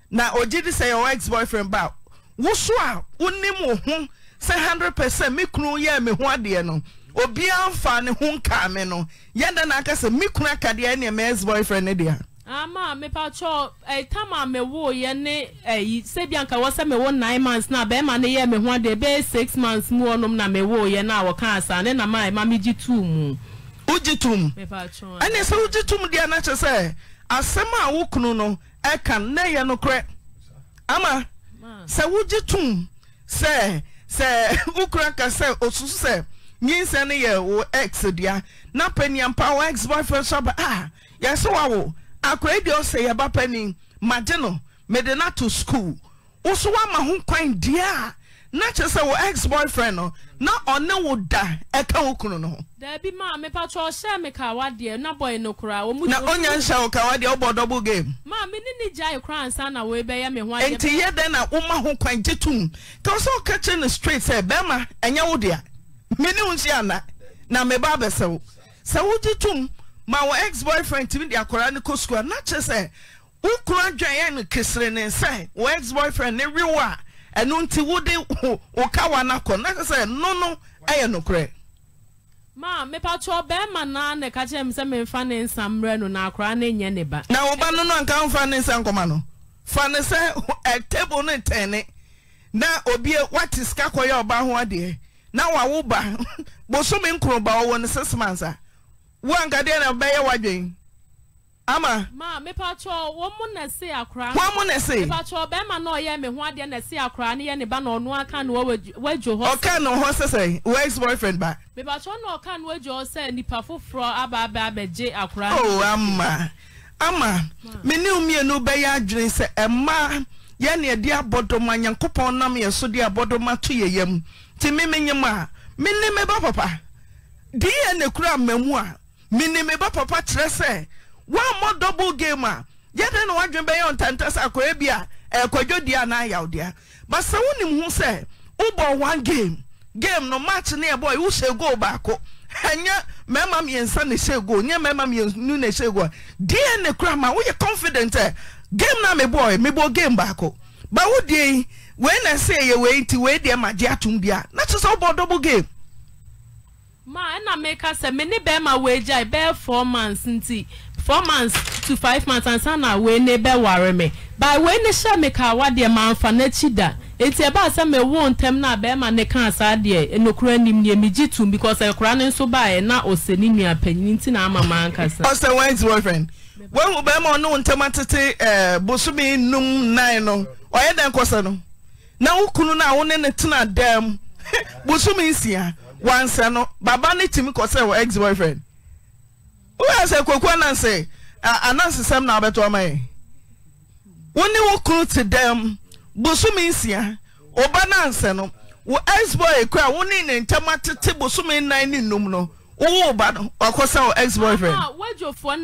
Speaker 1: na ogye de sɛ yɛwɔ ex boyfriend ba woso a wonim wo ho sɛ 100 percent me kunu yɛ me ho adeɛ no obiara mfa ne ho no aka sɛ me kunu akadeɛ ne ex boyfriend ne deɛ ama mepatwɔ eh, a mewoyɛ ne ɛyi eh, sɛbi anka wɔ sɛ mewo nine months na bɛrima ne yɛ me ho adeɛ six months mu na na wɔka asa ne ɛma megye mu wogye ɛne sɛ wogye tum deɛ kyerɛ sɛ a wo kunu no na nokorɛ ama sɛ wogye tom sɛsɛ wo kora ka sɛ osu su sɛ nyinsɛ no yɛ wo x dea na panneampa wɔ x boyfɛ su aba yɛse wawo akoraaadia wo sɛ yɛba pani magye no mede noto skuul wo so woama ho kwan deɛa na kyɛ sɛ wɔ xboyfrien no na ɔne wo da ɛka wo kunu no ona ɔnya hyɛ wo kawodeɛ wobɔ uble gamenti yɛ dɛ na woma ho kwan gye tom sɛ ɔkɛ kyɛ no strat sɛ mmawxboyfrien timidekaa no kɔa nakyɛ sɛ wo koraadwaɛn kɛsere ne sɛ wɔ xboy frien no w ɛno nti wode wo ka wa no akɔ na sɛ sɛ no no ɛyɛ nokorɛ ma mepatɔ bɛrima naa ne ka kyerɛ me sɛ memfa ne nsa mmerɛ no na akoraa ne nyɛ ne ba na wo ba no no anka womfa ne nsa nkɔma no fa ne sɛ ɛtable no tɛne na obie wate sika kɔyɛ ɔba ho adeɛ na wawo ba bosome nkuro ba ne six months a ankadeɛ na bɛyɛ w'adwen ama ma mepa chọ wo mu na se akra wo mu na se mepa chọ be ma na oye me ho ade na se akra ne ye ne na onu aka na wajo ho ho ex boyfriend ba mepa chọ na oka na wajo ho se nipa aba aba akra oh, ama ama me be ya se ye ne so ye yam ti me papa di ye ne a me papa woammɔ double game ah. ah, a yɛdɛn ah, eh, na woadwene bɛyɛ ɔntanta sɛ akɔyɛ bi a ɛkwadwodi anaa ayawdea but sɛ wonim ho sɛ wobɔ one game game no match ne ɛbɔ wohyɛ goal baako oh? ɛnyɛ mmarima mmiɛnsa na ɛhyɛ goal nyɛ mmarima mmienu na ɛhyɛ goal deɛ ne kura ma woyɛ confident ɛ eh? game na mebɔ ɛ mebɔ game baako oh? but wo deɛ wei na ɛsɛ yɛ wei nti wei deɛ ma gye atum bia na kyerɛ sɛ wobɔ double game maa ɛna meka sɛ me ne bɛrima wei gyae bɛyɛ four months nti four months to five months ansa eh, eh, na wee na ebe ware me by wee na me ka awa deɛ ma nfa n'ekyi da eti a asɛ ma ewu ntɛm na bɛrima ne kan saa deɛ enokura anim deɛ mi gyi tum because ɛkura ne nso baa na ose ne nua panyin ti na ama ma nkasa. ɔsɛ wine ti boyfriend wɔn mu bɛrima ɔno ntɛm atete ɛɛ eh, bosomi num nan no ɔyɛ dɛ nkɔsɛ no na wokunu na wɔn ne ne tena dɛm bosomi nsia wansa no baba ne kɔsɛ wɔ ex boyfriend. woyɛ sɛ kwaku ananse anansesɛm na wobɛto ɔma yɛ wo ne wo kunu te dɛm bosome nsia ɔba no no wo exboy kora wo ne ne ntam atete bosome nnan ne nnum no wowo ba no wakɔ ah, oh, sɛ wo exboyfriendwadwofoɔ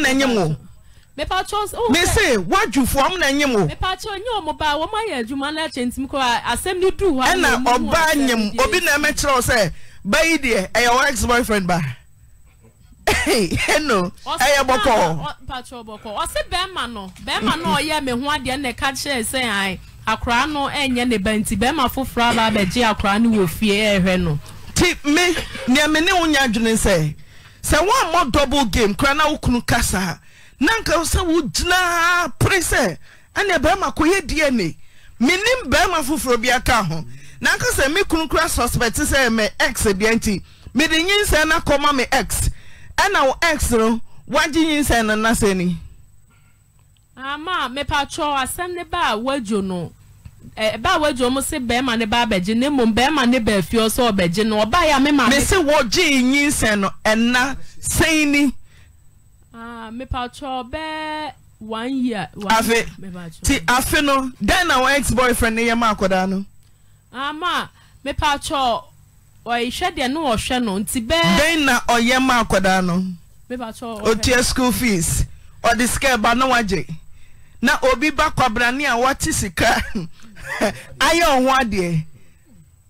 Speaker 1: na nyem wo mese woadwofoɔ m na nyem wo ɛna ɔbaa nyem obi na ɛmɛkyerɛ wo sɛ bɛyi deɛ ɛyɛ wo exboyfriend ba ɛno ɛyɛ bɔkɔɔɔse bɛrima no bɛrima no ɔyɛ me ho adeɛ ne ka kyerɛ sɛ ae akora no ɛnyɛ ne ba nti bɛrima foforɔ aba abɛgye akora no wɔ fie ɛɛhwɛ no nti me neɛ me ne wo nya adwene sɛ sɛ woammɔ game na wokunu kasa na nka sɛ wogyinaa pere sɛ ɛne bɛrima kɔyɛ deɛ ne menim bɛrima foforɔ bi aka ho na nka sɛ me kunu kora suspect sɛ me x deɛ nti mede nyinsɛ no me x ɛna wo x no wagye nyinsɛn no na sɛ ni ama mepatwɔ asɛm ne ba a wadwo no ɛba a wadwo mo se bɛrima ne ba abɛgye ne mmom bɛrima ne ba afie sɛ ɔbɛgye no ɔba yɛ a mema me se wɔgye nyinsɛn no ɛna sɛn ni mepatwɔ bɛɛ one year afe ti afe no dɛn na wɔn ex boyfriend ne yɛ ma akwadaa no ama mepatwɔ ɔyɛhwɛ deɛ ne wɔhwɛ no nti bɛɛ bɛn na ɔyɛ ma akɔdaa no otua school fees ɔde sika ba na wagye na obi ba kwabrane a wɔte sika ayɛ ɔho adeɛ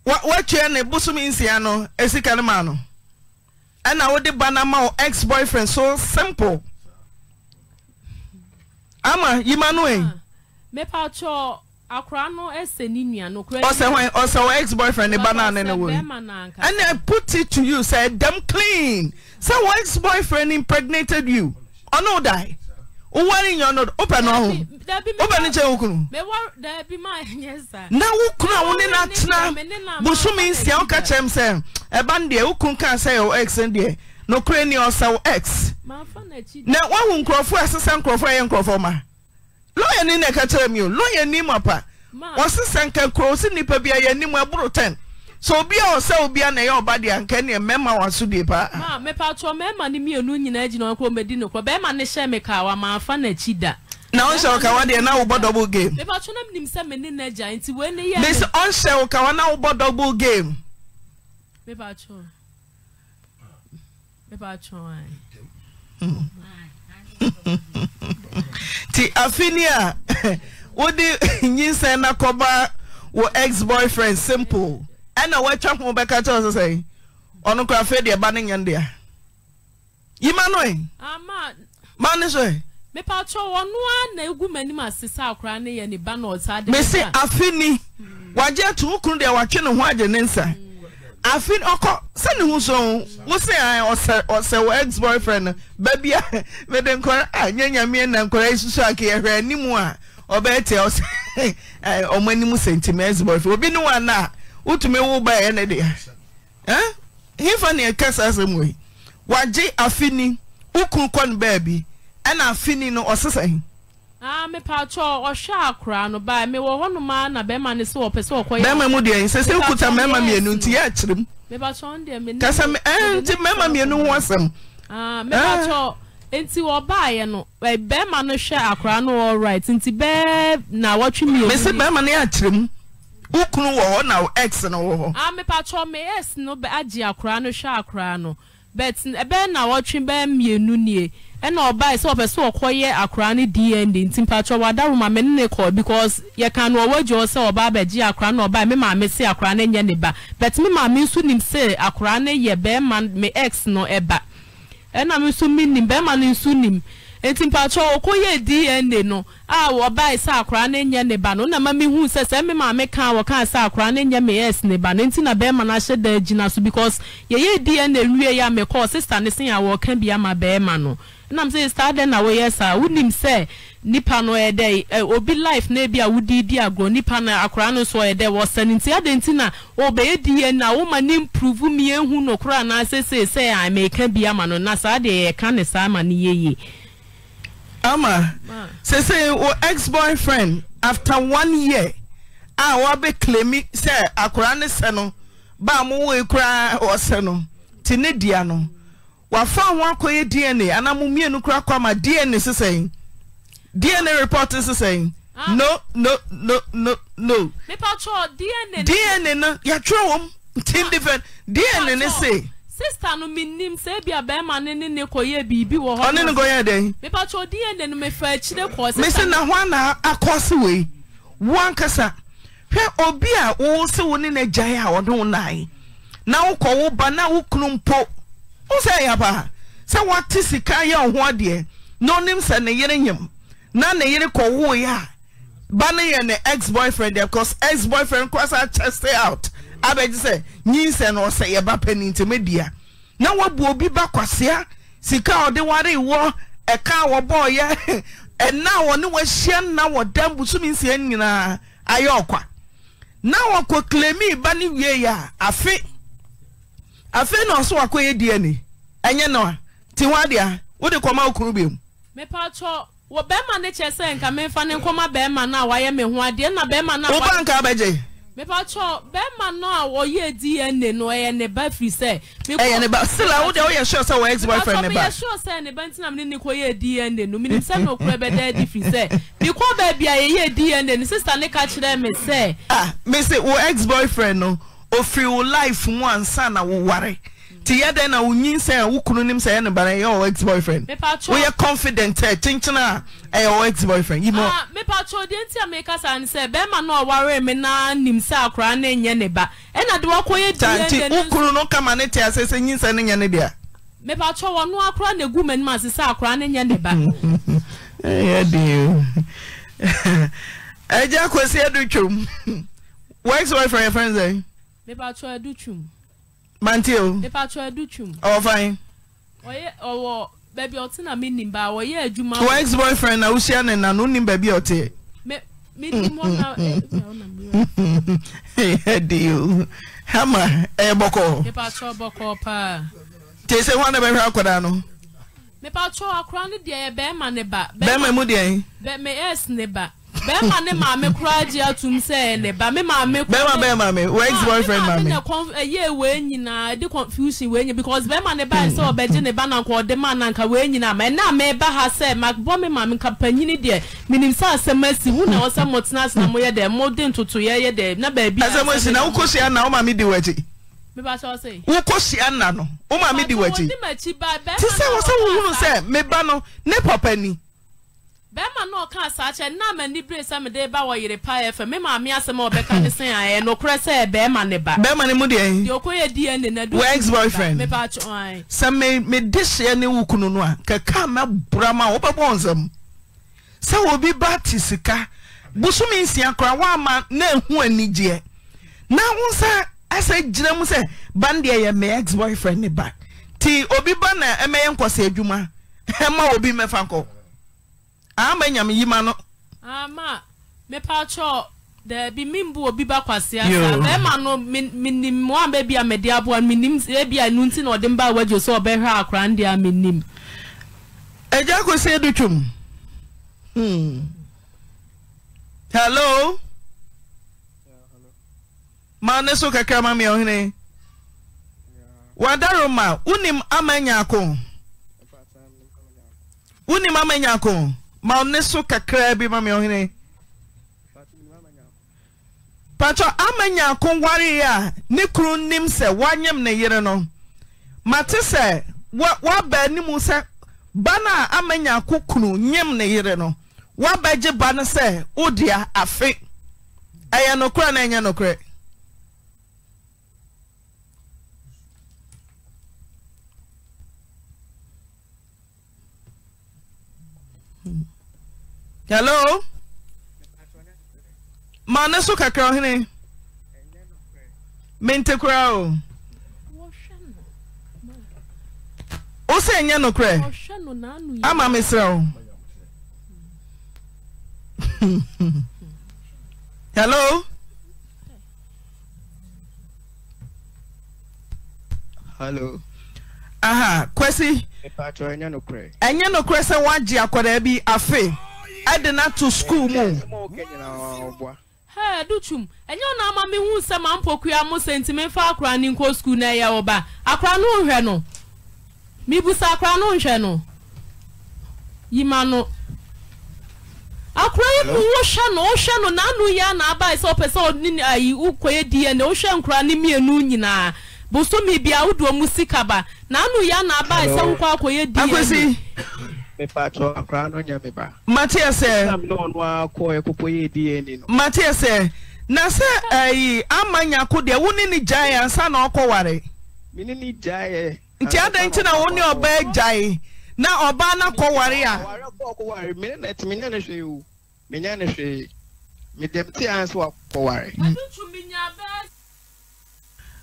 Speaker 1: woatwea ne bosom nsia no asika no maa no ɛna wode ba no ma wo ex boyfriend so simple ama yima no akora no ɛsɛ ne nua no kora ɔsɛ wɔn ɔsɛ wɔn ex boyfriend ne ba naa ne ne wɔ yi ɛna i put it to you sɛ ɛdɛm clean sɛ wɔn ex boyfriend impregnated you ɔno die wowari nyɛ ɔno wopɛ no ɔho wopɛ no kyɛ wo kunu na wo kunu a wo ne no atena bosome nsia woka kyerɛm sɛ ɛba no deɛ wo kunu kaa sɛ yɛwɔ ex no deɛ nokorɛ ni ɔsɛ wo ex na woahu nkurɔfoɔ a ɛsesa nkurɔfoɔ a ɛyɛ nkurɔfoɔ ma lɔyani na ɛka kyerɛ mi o lɔyani ma pa wɔsi sɛ nka kuro wɔsi nipa bi a yɛ anim ɛboro ten so obi a ɔsɛ obi a na ɛyɛ ɔba deɛ anka ne mɛma waso deɛ paa. maa mɛpa atɔ mɛma ne mmienu nyinaa gyina ɔkuro mɛdi ne korɔ bɛrima ne hyɛn mi kaa wa maa fa n'akyi da. na ɔnhyɛ wo kawa deɛ na wobɔ double game. mɛpa atɔ na nim sɛ mene na agya nti wɔn ani yɛ. bɛsi ɔnhyɛ wo kawa na wobɔ double game. mɛpa atɔ mɛpa atɔ ayi. Hmm. nti afeni a wode nyinsae na kɔba wɔ x boyfriend simple ɛna woatwa hoo bɛka kɛ o sɛ sɛ ɔno koraafei deɛ ɛba ne nyɛndea yima no ma ne nsomɛsi e? afeni wagye to ho kunu deɛ a watwe ne ho agye ne nsa afi ọkọ sani hu so wosi a ọsẹ ọsẹ wọ ex boyfriend no baabi a ah, mede nkọrọ a ah, nye nyamie na nkọrọ esusu ake yɛhwɛ anim a ɔbɛyɛ tẹ ɔsɛ ɛ ɔmo anim ah. eh, sentiment ex boyfriend obi ne wa na wotumi wo ba yɛ ne deɛ ɛ hifa ne ɛka saa asɛm wɔ yi wagye afi ni ukun kɔ no baabi ɛna afi ni no ɔsesa Ah, mepatɔ ɔhwɛ akora no baa mewɔ hɔ a na bɛrima no sɛ wɔpɛ sɛ ɔkɔyɛ bɛrima mu deɛ sɛ sɛ wokuta mmarima mmienu nti yɛ akyerɛ m kasa nti mmarima mmienu ho asɛm ah, mepatɔ nti wɔbaeɛ no bɛrima no hwɛ akora no ɔright nti bɛɛ na wɔtwe mmienu mesɛ bɛrima no yɛ akyerɛ m wokunu wɔ hɔ na x no wɔ hɔ ah, mepatɔ me x no agye akora no hwɛ akora no but ɛbɛɛ na wɔtwe bɛɛ mmienu nie ɛna ɔbaa sɛ ɔpɛ sɛ ɔkɔyɛ akora ne dna nti mpatsɔ wadawo ma mɛ ne kɔ because yɛka no ɔwɔ adwo sɛ ɔbaa bɛgye na me maame ne nyɛ ne ba me nso nim sɛ ne yɛ bɛrima me ex no nso nim bɛrima nso nim nti dnd no a sɛ ne nyɛ ne ba no na ma hu sɛ sɛ me maame kan wɔka sɛ akora ne nyɛ me ex ne ba no nti na bɛrima no ahyɛ da gyina so because yɛyɛ wie yɛ a sista ne se a nam sɛ saa dɛn na wɔyɛ saa wonim sɛ nipa no yɛ eh, dɛ eh, obi life na ebi a wodi di agorɔ nipa na akora no so yɛ dɛ wɔsɛ ne nti adan ti na ɔbɛyɛ di yɛ na wɔma ne improve mie hu no koraa na sese sɛ ameka bi ama no na saa deɛ yɛka eh, ne saa ama ne yie. ama sese wo ex boyfriend after one year a wabɛ claim sɛ akora ne sɛ no baa mo wo ekura wɔsɛ no te ne dia no. Mm wafaa ho akɔyɛ na anaa momianoora kɔama n se sɛ a rpo se sɛnɛ ɛnsmes na ho na akɔ se wei woankasa hwɛ obi a wowo se wo ne no gyae a ɔne won na wokɔ wo bana wo knopo wo sɛ yɛbaa sɛ woate sika yɛ wo ho adeɛ na onim sɛ ne yere nyim na ne yere kɔwoeɛ a ba no yɛ ne ex boyfriend deɛ because ex boyfriend kora sɛ akyɛ stay out abɛgye sɛ nyinsɛ no ɔsɛ yɛba pani nti media na wabu obi ba kwasea sika a ɔde ware ɛka a wɔbɔɔyɛ ɛna a wɔne wɔahyia na wɔdam busumi nsia nyinaa ayɛ ɔkwa na wɔkɔ klemi ba no wieɛ a afe afei na ɔso wakɔyɛ die ni ɛnyɛ no a te ho adea wode kɔma wo kuro biom mepatɔ wɔ bɛrima ne kyerɛ sɛ nka memfa ne nkɔma bɛrima no wayɛ me ho adeɛ na bɛrima no woba nka bɛgye mepatɔ bɛrima no a wɔyɛ dna no ɛyɛ ne ba firi sɛ ɛyɛ ne ba sila wode woyɛ sure sɛ wɔ ex boyfriend ne ba meyɛ sure sɛ ne ba nti na mene ne kɔyɛ dna no menim sɛ ne ɔkorɛ bɛda adi firi sɛ mekɔ baabi a yɛyɛ dna no sista ne ka kyerɛ me sɛ ah mese wo ex boyfriend no ofiri wo life mu na woware nti yɛ dɛn na wonyin sɛ wo nim sɛ ex boyfriend woyɛ confident ɛ a ɛyɛ wɔ ex boyfriend yi ah, mɔ. deɛ nti a meka saa ne sɛ bɛrima no ɔware me na nim sɛ akora ne nyɛ ne ba ɛna de kama ne te asɛ sɛ nyin sɛ ne nyɛ ne na egu mɛnum ase sɛ ne nyɛ ne ba. ɛgya ex boyfriend yɛ mipatso edu twum. mante o. mipatso edu twum. ọwọ fain. ọyẹ ọwọ bẹẹbi ọtí na mi nim ba ọyẹ adwuma. wọ ex boyfriend na wusia ne na no nim bẹẹbi ọtí. mẹ mi nim wọn na eh, ẹ ẹ di o hama ẹ bọkọ. mipatso bọkọ paa. tẹsẹ wọn na bẹ hwẹ akwadaa no. mipatso akwadaa no deɛ yɛ bɛrima ne ba. bɛrima mu deɛ. bɛrima yes ne ba bẹẹma ne maame kura gye atum sẹ ne ba me maame kura bẹẹma bẹẹ maame wẹ ex boyfriend maame ne kɔn ɛyɛ eh, wɛɛ nyinaa ɛdi confusion wɛɛ nyinaa because bẹẹma ne ba yɛ sɛ hmm. ɔbɛgye ne ba nanka ɔde ma nanka wɛɛ nyinaa ma ɛna mɛ ba ha sɛ ma bɔ me maame nka panyini deɛ minim sɛ asɛm asi hu na ɔsɛ mo tena na mo yɛ dɛ mo de ntoto yɛ yɛ dɛ na baabi asɛm asi na wokɔ hyia na wo maame di wɔkyi wokɔ hyia na no wo maame di wɔkyi ti sɛ wɔ sɛ wohunu sɛ me ba no ne papa ni bẹẹma náà kan asakyɛ nnam ani bere sɛ mede ba wɔ yere pa ɛfɛ me maame asɛm a ɔbɛka e, ne sɛn ayɛ nokorɛ sɛ bɛɛma ne ba. bɛɛma ne mu deɛ. deɛ ɔkɔ yɛ diɛ e na du. wɔ ex boyfriend. mi ba atwa ɔn. sɛ me me de e ne wu kunu no a kɛkɛ a mɛ bura ma wɔbɛ bɔ nsɛm obi ba ti sika bosomi nsia kora wama na ehu anigyeɛ na ahosuo asɛ gyina mu sɛ ban deɛ yɛ me ex boyfriend ne ba ti obi ba na ɛmɛyɛ nkɔsɛ adwuma ɛma obi mɛfa nkɔ. ama nyame yima no ama mepa kyɛ daabi membu obi ba kwasea saa bɛrima no menim mo a baabi a mede aboa no m ebi a ɛno nti na ɔde mba a wadwo sɛ ɔbɛhwɛ akora no deɛ a menim agya kɔsɛ do twom hmm. hello ma ne so kakra maa mmea ɔhene wadaro ma wonim ama nya ako ama nya ma ne so kakra bi ma me ɔhene patwɛ amanyaako ya a ne kuru nnim sɛ woanyem na yere no mate sɛ woaba anim sɛ ba no a amanyaako kunu nyem ne yere no woabɛgye ba no sɛ wodea afe ɛyɛ na ɛnyɛ hello ma ne so kakra ɔhene mente koraa o wo sɛ ɛnyɛ nokorɛ ama mesrɛ wo hello hello aha kwasi ɛnyɛ nokorɛ sɛ woagye akwadaa bi afe ɛde na to skuul mu dutum ɛnyɛ ɔno ama me hu sɛ ma mpokua mo sɛntimi mfa akora ne nkɔ skuul na ɛyɛ wɔ ba akora no nhwɛ no mebusa akora no nhwɛ no yima no akora yi mu wohwɛ no wohwɛ no n'ano yi a n'aba sɛ ɔpɛ sɛ ɔne ayi wokɔyɛ diɛ na wohwɛ nkora ne mmienu nyinaa bosomi bia wodoɔ mu sika ba n'ano yi a n'aba e sɛ wokɔ akɔyɛ diɛ mepatro akra eh. no nya meba matia sɛ na no no akɔ ekopɔ ye dna no matia sɛ na sɛ ayi ntị nyako ntị na ɔkɔ e ware me ne na wo ne ɔbaa gyae na ɔbaa na kɔ ware a ɔkɔ ware me ne na timi nya ne hwee o me nya ne hwee me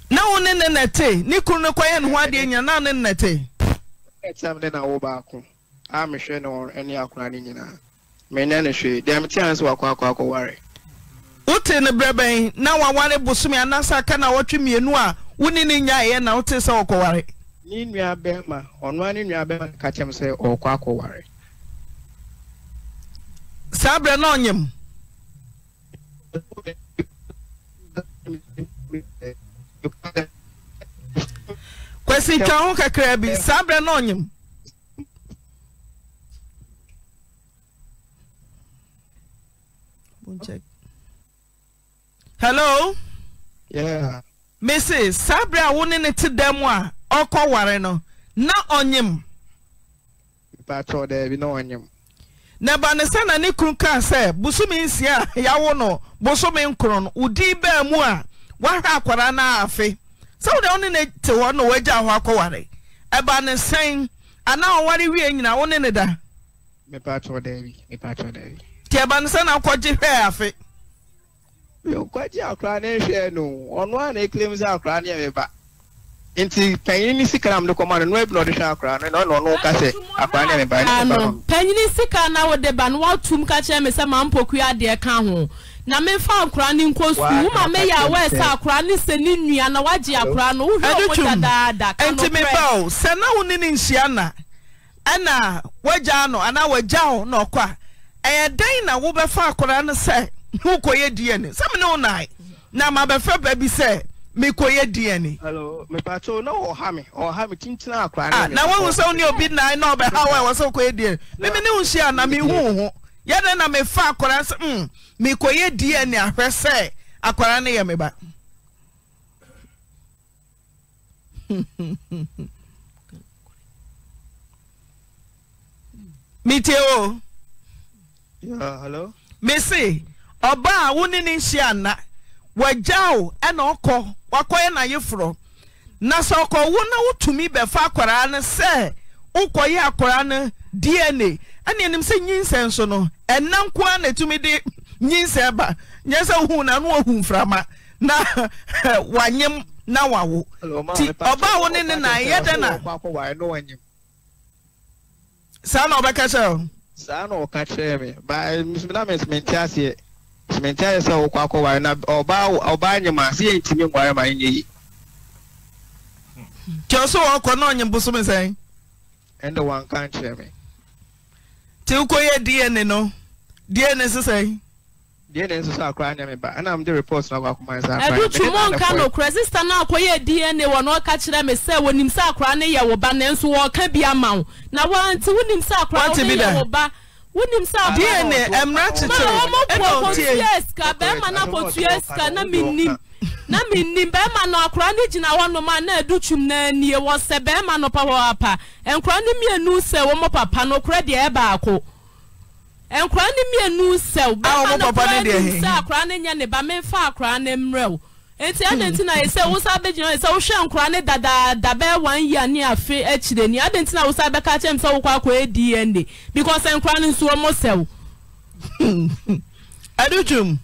Speaker 1: na wo na te ne kuru ne kɔyɛ ne ho adeɛ nya na ne ne na te ɛkyɛm na a mehwɛ no wɔn ne akora no nyinaa menya no hwee deɛ mete ano sɛ wakɔ akɔ akɔware wote ne berɛ bɛn na waware bosome anaasɛ aka na wɔtwe mmienu a wone ne nyaeɛ na wote sɛ wɔkɔware ne nua bɛrima ɔno a ne nua bɛrima ka kyɛm sɛ ɔkɔ akɔware saa berɛ na ɔnyem kwasi twa ho kakraa bi saa berɛ na ɔnyem hello mesi saa berɛ a wo ne te da m a ɔkɔ ware no na ɔnyem na ba ne sɛ na ne kunu kaa sɛ bosome nsia a yɛawo busumi bosome nkoro baa mu a woahwɛ akwara no aafe sɛ wode wo te hɔ na woagya hɔ akɔware ɛba ne sɛn anaa ɔware wie nyina wo ne da nti ɛba no sɛ na wokɔgye hwɛɛ afe yɛkwagye akora ne nhwɛɛ no ɔno a na ɛklem sɛ akora ne ɛmeba nti panyin ne sika na mde kɔma no no ebi na ɔde hwɛ akora na ɔno ɔno ka sɛ akora ne sika na wɔde ba no wɔatum ma mpoku adeɛ ka ho na memfa akora ne sukuu wo ma meyɛ a wɔɛ sɛ akora ne sɛ na woagye akora no wohwɛ ɔmɔ dadaada ka no prɛ nti meba o sɛ na wo ne ne nhyia na ɛna wagya no anaa wagya wo na ɔkɔ a ɛyɛ dɛn na wobɛfa akwadaa no sɛ wokɔyɛ dna sɛ mene wo na mabɛfrɛ baabi sɛ mekɔyɛ dna ah, na wohu sɛ wone obi nae na ɔbɛha wo ɛwɔ sɛ wokɔyɛ dna meme ne wo na mehu wo ho yɛdɛn na mefa akwadaa sɛ mm, mekɔyɛ dna ahwɛ sɛ akwadaa no yɛ me ba mesi ɔbaa wo ne ne nhyia ana wagya wo ɛna ɔkɔ wakɔyɛ n'ayeforɔ na sɛ ɔkɔ wo na wotumi bɛfa akwaraa no sɛ wokɔyɛ akwaraa no dna ɛne anim sɛ nyinsɛ nso no ɛna nko a na ɛtumi de nyinsɛ nye nyɛ sɛ na no wahu mframa na wanyem na wawo nti ɔbaa na yɛ dɛ na saa na ɔbɛka saa na ɔka kyerɛ me na mɛsmente aseɛ smente aseɛ sɛ wokɔ akɔware na sɛ yɛntumi nware ma yi nti ɔso wɔkɔ na ɔnye ɛnde wanka me nti dna no dna sesɛn deɛ na nsoso akora anya me ba ɛna mde report na wakoma nsa akora ɛdu twumɔ nka no kora sista dna wɔ na ɔka kyerɛ me sɛ wɔnim sɛ akora ne yɛ wo ba bi ama wo na wɔnti wonim sɛ akora ne yɛ wo ba wonim sɛ dna mmara kyekyere ɛna ɔtie sika bɛrima sika na mennim na mennim bɛrima no akora ne gyina hɔnom a na ɛdu twum no anie wɔ sɛ bɛrima no pa hɔ apa nkora no mmienu sɛ wɔmɔ nkura ne mmienu sɛw ah, na no kura ne nsa akura ne nya ne ba mefa akura ne mmerɛw eti adi hmm. nti na yɛsɛ wosa abɛgyina yɛsɛ wohwɛ nkura ne dadaada bɛɛ wɔn yia ne afe akyire ni adi nti na wosa abɛka kyɛn sɛ wokɔ akɔ edi because nkura ne nso wɔn sɛw. adutum.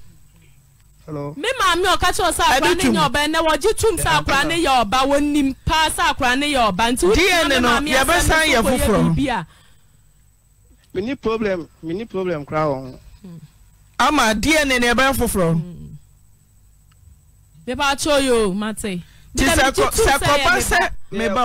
Speaker 1: me maame ɔka kyerɛ sɛ akora ne nyɛ ɔba ɛnɛ wɔgye tum sɛ akora ne yɛ ɔba wɔnim paa sɛ akora ne yɛ ɔba nti wotu na me maame asɛm so kɔ yɛ biribi a. ama deɛ nenebɛɛ foforɔsɛ ɔba sɛ meba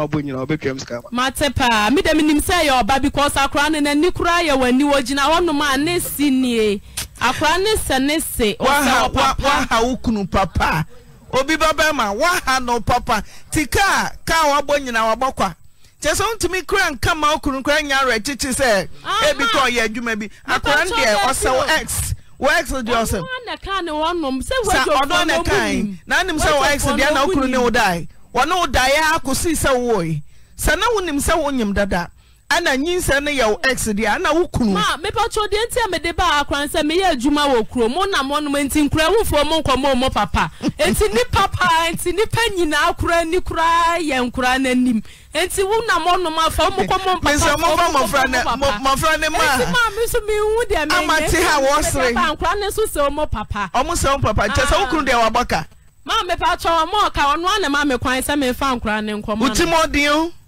Speaker 1: owoemat paa medemenim sɛ yɛ ɔba becaus akora ne no ni koraa yɛw'ani wɔ gyina wɔnom a ne se nnie akora ne sɛ ne se swaha wo kunu papaa obi babarima waha no papa ti kaa kaa wabɔ nyinaa wabɔ kwa kyɛ sɛ wontumi kura nka ma okuru nkora nya awerɛ kyekye sɛ ebi kɔ ɔyɛ adwuma bi akora no deɛ ɔsɛ wo x wo x deɛ ɔsɛ sa ɔdɔ na kan na anim sɛ wo x deɛ na okuru ne wo dae wɔne wo daeɛ akɔsii sɛ wowɔe sɛ na wonim sɛ wonyim dada ana nyinsa no yɛ wo x deɛ ana wo kunu ma deɛ nti a mede sɛ meyɛ adwuma wɔ kuro na mɔnom nti nkurawofoɔ mu nkɔmmɔ mɔ papa nti ne papa nti nipa nyinaa kora ni koraa yɛ nkora no anim wo na mɔnom afa wo mokɔmmɔ ne maa deɛ ha nkora ne nso sɛ papa ɔmo sɛ wɔ papa kyɛ sɛ wo ah. kunu deɛ ɔno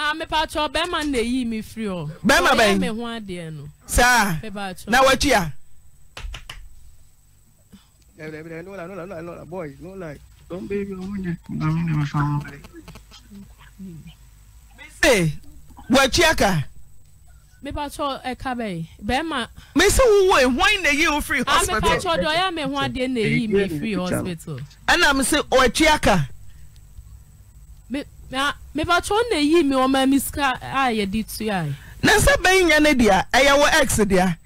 Speaker 1: ah mepa atwa bɛrima na eyi mi firi hɔ bɛrima bɛyi ɔyɛ mi ho adeɛ no
Speaker 3: saa mepa
Speaker 1: atwa na wɔakyi a. ee wɔakyi aka. mepa atwa ɛka bɛyi bɛrima. mesi wo wo ehwan na eyi wo firi ah, hospital. ah mepa atwa de ɔyɛ mi ho adeɛ na eyi mi firi hospital. ɛna mi sɛ wɔakyi aka. na mepatwa ọ na-eyi m ọma m sika a yɛde tu a. na nsa bɛyi nya ne deɛ ɛyɛ wɔ x deɛ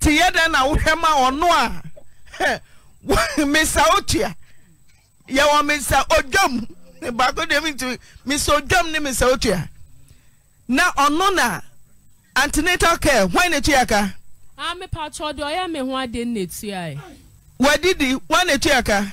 Speaker 1: te yɛ dɛ na wohwɛ ma ɔno a mesa otua yɛwɔ mesa odwam baako deɛ mi nti mesa odwam ne mesa otua na ɔno na antenatal care hwan na etua ka. a mepatwa deɛ ɔyɛ me ho adeɛ na etua. wadidi hwan na etua ka.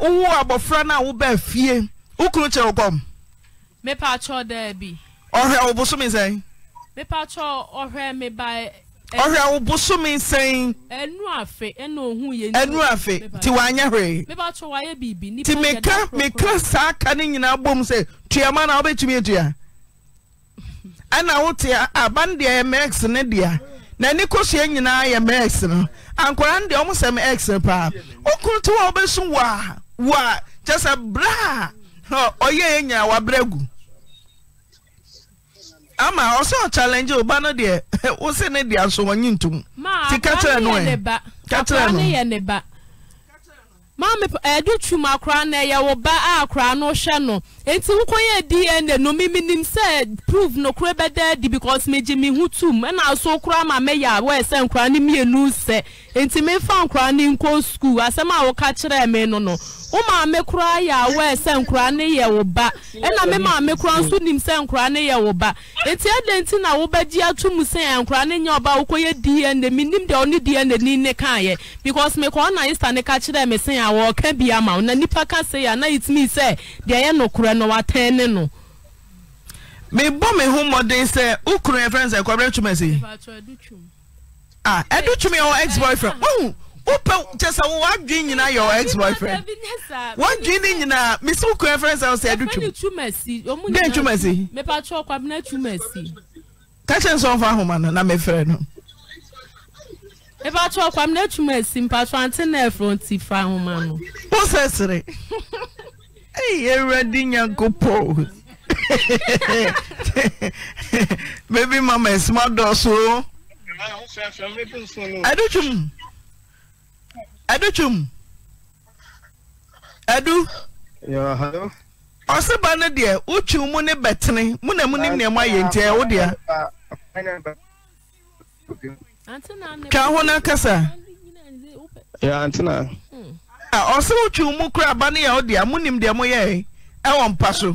Speaker 1: wowu abɔfra no a wobaa fie wo kunu kyerɛ wokɔm mepa ebi. daa bi ɔhwɛ wo bosome sɛn mepa kyɛ ɔhwɛ meba ɔhwɛ wo bosome sɛn ɛnu afe ɛna ohun yɛ ɛnu afe ti wanyɛ hwee mepa kyɛ wayɛ biribi nipa ti meka meka saa ka ne nyinaa bom sɛ tuama na wobɛtumi atua ɛna wote aban deɛ mx ne deɛ na kɔsua nyinaa yɛ ma x no ankara no deɛ ɔmosɛm x paa wokunu te wɔ wobɛsu wɔ wo a kyɛ sɛ berɛ a ɔyɛ ɛnya waberɛ gu ama ɔsɛ ɔchallenge woba no deɛ wo se ne de aso ɔnye ntom ti no ɛ ka kyerɛ no maame ɛde eh, twuma koraa na ɛyɛ wɔ ba a koraa no hwɛ no nti nkɔyɛ dna no mimi nim sɛ proof no koraa bɛda adi because megye me ho tum ɛna aso koraa maame mɛyɛ a wɔyɛ sɛ nkoraa no mmienu sɛ nti mefa nkoraa no nkɔ sukuu asɛm a wɔka kyerɛɛ me no no ụmụ maame koraa yɛ awɔ nkụra nkora ne ị na ba ɛna me maame koraa nso nim sɛ nkora ne yɛ wo ba eti ɛdɛ nti na wobɛgye ato mu sɛ nkora ne nyɛ ɔba dị dna menim deɛ ɔne dna ni ne kaayɛ because ọ na anyị ne ka kyerɛ me sɛ a wɔɔka bi ya wo na nipa ka sɛ yɛ a na yɛtumi sɛ deɛ ɛyɛ nokorɛ no watɛn ne no mebɔ me ho mmɔden sɛ wokunu yɛ frɛ sɛ kɔbrɛ twum asi a ah, ex boyfriend wohu pɛkɛ sɛ wwadwe nyina yɛ x boyfriend
Speaker 3: woadwe ne nyinaa mism
Speaker 1: kuafrɛ sa wo sɛ adutwumen twumasi ka kyɛ nsɔfa ahoma no na mɛfrɛ no wosɛ sere awurade nyankopɔ bebi ma masim dɔso adutwum adu twum adu ɔse ba no deɛ wo twim mu ne bɛtene mo namunim neɛ mo ayɛ ntiyɛwo dea twa ho no akasa ɔsɛ wo twim mu koraa ba ne yɛwo de a monim deɛ mo yɛ wɔ mpa so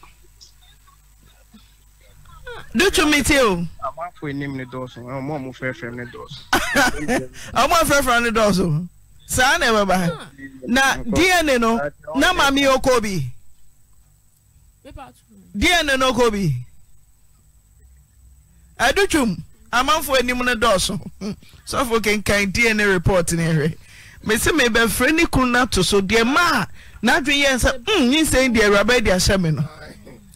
Speaker 1: dutu mi ti o. amanfo enim ni dɔɔso ɔmo ɔmo fɛɛfɛɛ ni dɔɔso. ɔmo fɛɛfɛɛ ni dɔɔso saa na ɛbɛ ba na dna no na maami oko bi dna no oko bi adutum amanfo enim ni dɔɔso sɔfo kankan dna report ni ɛhwɛ mesi hmm, mi bɛ fere ne kun na to so deɛ maa n'adwi yɛ nsa mm nyi nsɛn deɛ awuraba de ahyɛ mi no.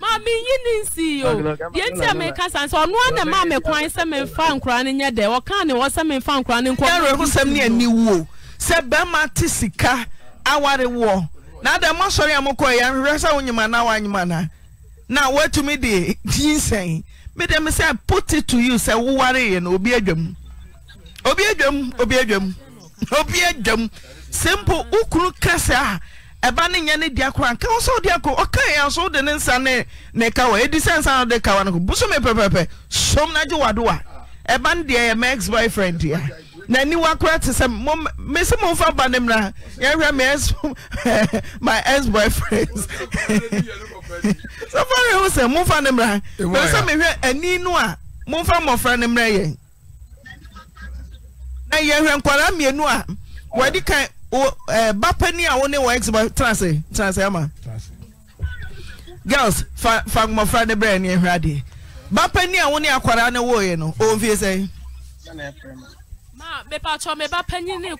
Speaker 1: maame yi ni nsi o yẹn ti ẹmi kasa nsọ ọnu ọna maame kwan sẹ mi nfa nkura ni nyẹ dẹ ọkan ni mi nfa nkura ni nkọ. ẹrọ ẹhosẹm ẹni wu o sẹ ti sika mọ sọrọ na wọn nyima na mi mi sẹ put it to you sẹ yẹn na obi obi simple ukuru ɛba ne nyɛ ne dia koraa nka wo sɛ wode akɔ ɔka yɛ so wode ne nsa ne ne ka wɔ ɛdi sɛ nsa no de ka wa no ko bosome pɛpɛpɛ som no agye wado a ɛba no deɛ yɛ ma ex boyfriend a na niwa koraa te sɛ mese momfa ba ne mmra yɛhwɛ me ex my ex boyfriends sɛfare ho sɛ momfa ne mmra mɛ e sɛ mehwɛ ani no a momfa mmɔfra ne mmra yɛn na yɛhwɛ nkwaraa mmienu a wɔde kan wo eh, ba panyin a wo ex boy trans ase ama girls fa fa mmɔfra ne brɛ ne ehwɛ adeɛ ba panyin a wo ne ne wɔ no wɔn fie sɛ. maa mepatɔ meba panyin ne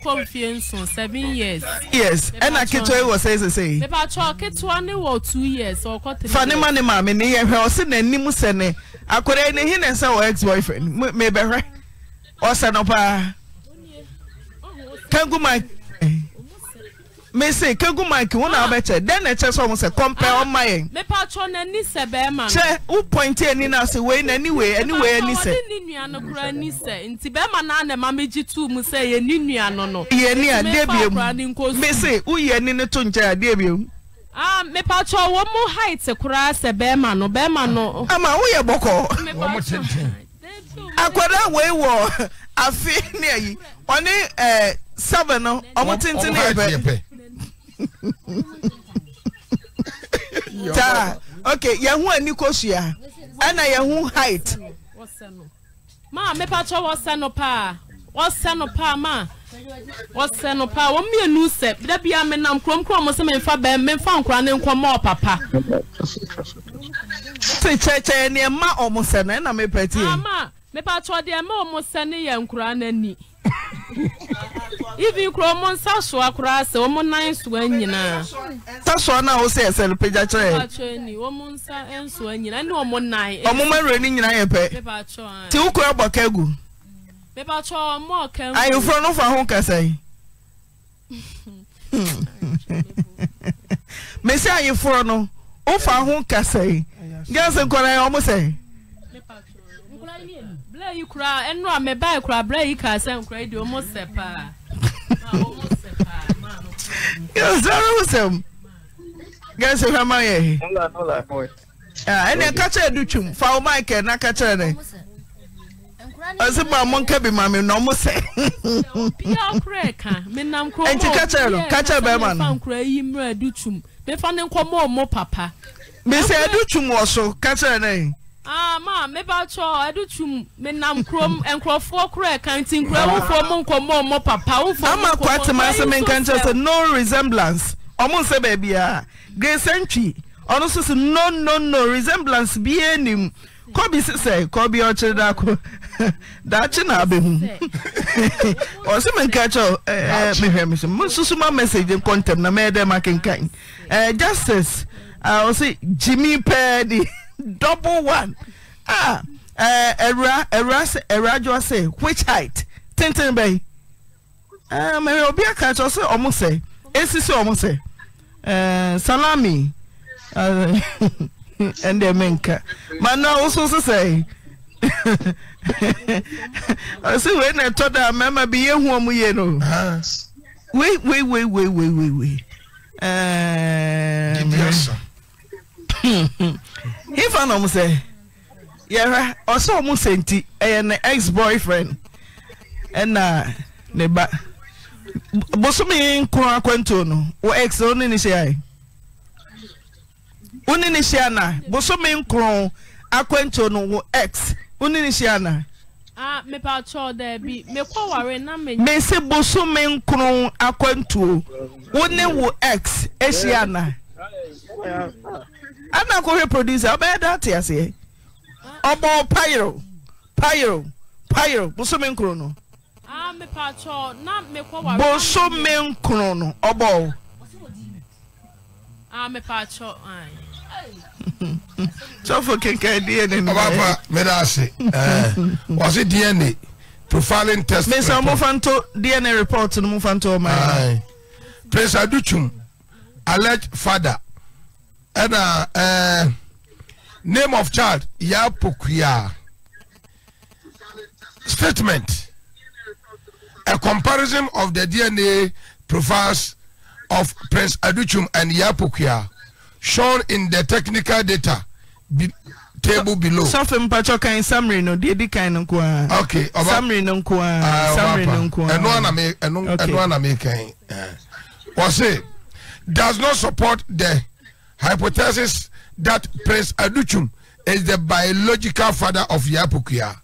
Speaker 1: 7 years. yes ɛna ketewa wɔ sɛ sese. years fa ne ma ne maame ne yɛ hwɛ n'anim sɛ ne akwadaa yi ne hin na ɛsɛ wɔ ex boyfriend mebɛhwɛ ɔsɛ no paa oh, oh, oh. kanku mike. mese kegu mike wo na wobɛkyɛ dɛn na ɛkyɛ sɛ ɔmo sɛ kɔmpɛ ɔma yɛn. mepa atwa n'ani sɛ bɛrima no. kyɛ wo pɔnti ani na ase wei n'ani wei ɛni wei ani mepa nua no kura nti bɛrima naa na ɛma megye tu mu sɛ yɛ ne nua no no. yɛ ni adeɛ bie mu mese woyi ani ne to nkyɛn adeɛ bie mu. Ah, mepa atwa wɔn mu height no no. ama woyɛ bɔkɔ. akwadaa wei wọ afe ne ayi ɔne ɛɛ saba no ɔmo taa ok yɛho ani kosua ɛna yɛho height maa mepatwɛ wɔsɛ no paa wɔsɛ no paa maa, wɔsɛ no paa wɔn mmienu sɛ da bia menam kurom kurom sɛ memfa bɛn memfa nkora ne nkɔmɔ papa. te kyerɛkyerɛ nea ma ɔmo sɛ no ɛna mepɛ tie. ama ah, mepatwɛ deɛ ma ɔmo sɛ ne yɛ nkora n'ani. ibi kura ọmụ nsa so ase asa ọmụ nan so nyinaa. nsa so na ahụ si ese mpagya kyerɛ. mpagya ni ọmụ nsa nso nyinaa ɛna ọmụ nan. ọmụ mmarị ni nyinaa yɛ pɛ. ti ukura bɔ kegu. mepatwa ọmụ ọka mu. ayeforo no fa ho kasa yi. mesi ayeforo no o fa ho kasa yi gyansi yi ɔmụ sɛ. nkwadaa yi a mɛba yi yi kasa nkwadaa yi di ɔmụ sɛ paa. sɛm gɛsɛ hwɛ ma yɛ ɛne ka kyerɛ do twum fa wo mike na ka kyerɛ ne ɔse ma monka bi ma me na ɔmo sɛ ɛnti ka kyerɛ no ka kyerɛ bɛrima no mesɛ adu twum wɔ so ka ah maa meba atwa ɛdutum menam kurom nkurɔfoɔ kura ɛkanti nkura wofoɔ mu nkɔmɔ ɔmɔ papa wofoɔ mu nkɔmɔ ama kɔ atema ase mi nka nkyɛn sɛ no resemblance ɔmo nsɛ baabi a ah, grace ntwi ɔno nso sɛ no no no resemblance bie nim kɔbi sisɛ kɔbi ɔkyerɛ daako daakye na abɛhu ɔsɛ mi nka kyɛw ɛɛ mehwɛ mi so mo nso so ma message kɔntɛm na mɛyɛ dɛ ma kenkan ɛɛ eh, justice ɔsɛ ah, jimmy pɛɛ ni. double one ah ẹwura ẹwura sẹ ẹwura jọ sẹ which height tenten bẹyì eh, mẹrin obi akatsọ say. ọmọ sẹ esi sẹ ọmọ sẹ salami eh, And the ẹnna ẹmẹ nka mana ọsọ say. ọsẹ wei na ẹtọ da mẹma bi yẹ hu ọmọ yẹ no Wait wait wait wei wei wei wei ẹẹ ifa na ɔmo sɛ yɛhwɛ ɔsɛ ɔmo sɛ nti ɛyɛ eh, ne ex boyfriend ɛna uh, ne ba bosomi nkron akwantuo no wɔ ex no ne ne hyɛ ayɛ wone ne hyia na bosome nkron akwantuo no wo x wone ne hyia na mese bosome nkron akwantuo wone wo ex ahyia na ah, ana kɔɛ produser obɛyɛ dat aseɛ ɔb
Speaker 4: pomenapines mofa to dna reportnomofataga ɛna ɛɛ eh, name of child yapokuya statement a comparison of the dna profiles of prince aduchum and yapokuya shown in the technical data be table below. So, sọfin mpatso in summary no deɛ di kan no okay ọba summary no nkoa uh, ah, summary no nkoa. ẹnu anamí ẹnu one I make. Eh. wọ́n it does not support the hypothesis that Prince Aduchum is the biological father of Yapukia.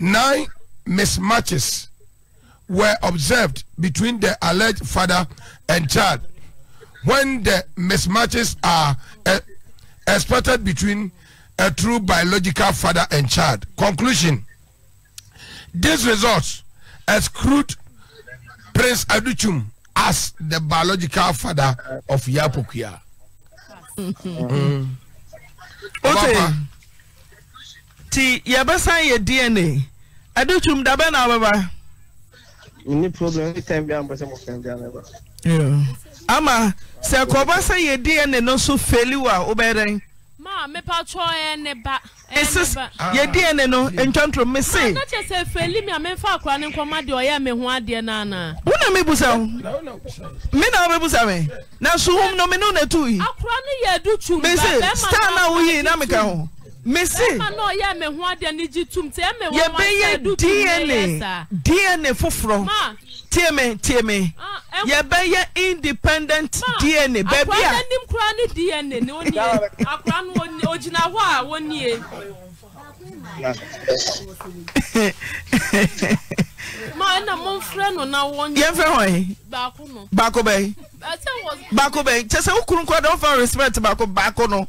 Speaker 4: Nine mismatches were observed between the alleged father and child when the mismatches are uh, expected between a true biological father and child. Conclusion. These results exclude Prince Aduchum as the biological father of Yapokuya. mm. Ote,
Speaker 1: ti yabasa ye DNA. Aduchum dabe na baba. Ni problem ni time bi ampese mo kan bi ameba. Yeah. Ama se ko basa ye DNA no so failure oberen. Ah, y n no nwntoswona me busao mena wabɛbusa me nasow no me ne natoo sa nowo na meka homseyɛyɛ n foforɔ tie me tie me ah, eh, yɛbɛyɛ independent dna baabi a anim kura ne dna ne onie akura no ogyina hɔ a wonie ma ɛna momfrɛ no na wɔn yɛmfrɛ hɔ baako no baako bɛn baako bɛn kyɛ sɛ wo kuru nkora dɛ wofa respect baako baako no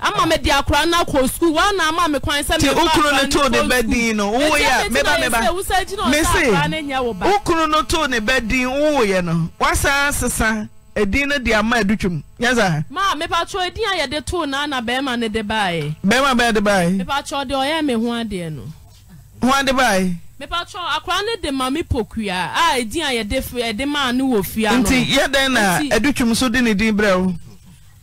Speaker 1: ama mede akora no akɔ wa na ama me kwan sɛ wokunu no too ne bɛdin no wowoyɛ meba meba mese wokunu no too ne bɛdin wowoyɛ no woasaa sesa edin no de ama adutwam yɛsa ma mepatwɛ edin a yɛde too no ana bɛrima no de baeɛ bɛrima bɛɛ de baeɛ mepatwɛ de ɔyɛ me ho adeɛ no ho ya baeɛ mepatwɛ akora no de ma pokua a edin a yɛde maa no wɔ fia no nti yɛdɛn na adutwam so de ne din brɛ wo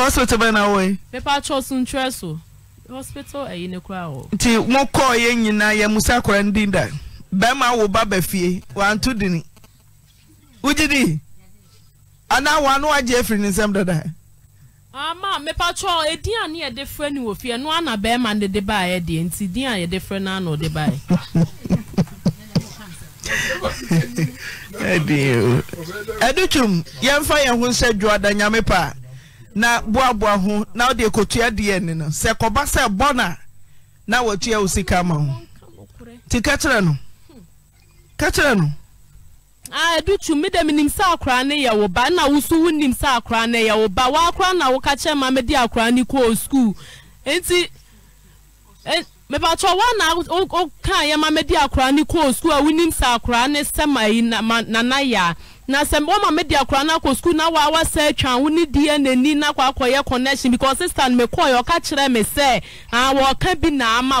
Speaker 1: hospital bɛn na wɔyi. pepa chɔ so ntwerɛ so hospital ɛyi ne kura wɔ. nti mo kɔɔ yɛ nyinaa yɛ musa kora ndi da bɛrima wo ba bɛ fie wantu di ni wugyi di anaa wɔn ano agye efiri ne nsam dada. ama mepa chɔ edin a ne yɛde frɛ ni wɔ fie no na bɛrima ne de baa yɛ deɛ nti din a yɛde frɛ na ana ɔde baa yɛ.
Speaker 4: ɛdi o
Speaker 1: ɛdutwum yɛmfa yɛn ho nsɛ dwoada nyame paa. na abụọ ho na wode kɔtua deɛne no sɛ kɔba sɛ bɔna na watua wo sika ma ho nti ka kyerɛ no ka kyerɛ no ah, mi dɛ minim sɛ akora ne yɛ wo ba na woso wonim sɛ akora ne yɛ wo ba wakora na woka kyerɛ ma mede akora ne kɔɔ skul nti e, mebatɔ wa na woka yɛ ma mede akora ne kɔɔ skul a sɛ akora ne sɛ ma yi nana yɛ a nasɛ ɔma mede akra no akɔ su ah, na asa aone ɛ oɛɛ aɛtima ɛ ɛma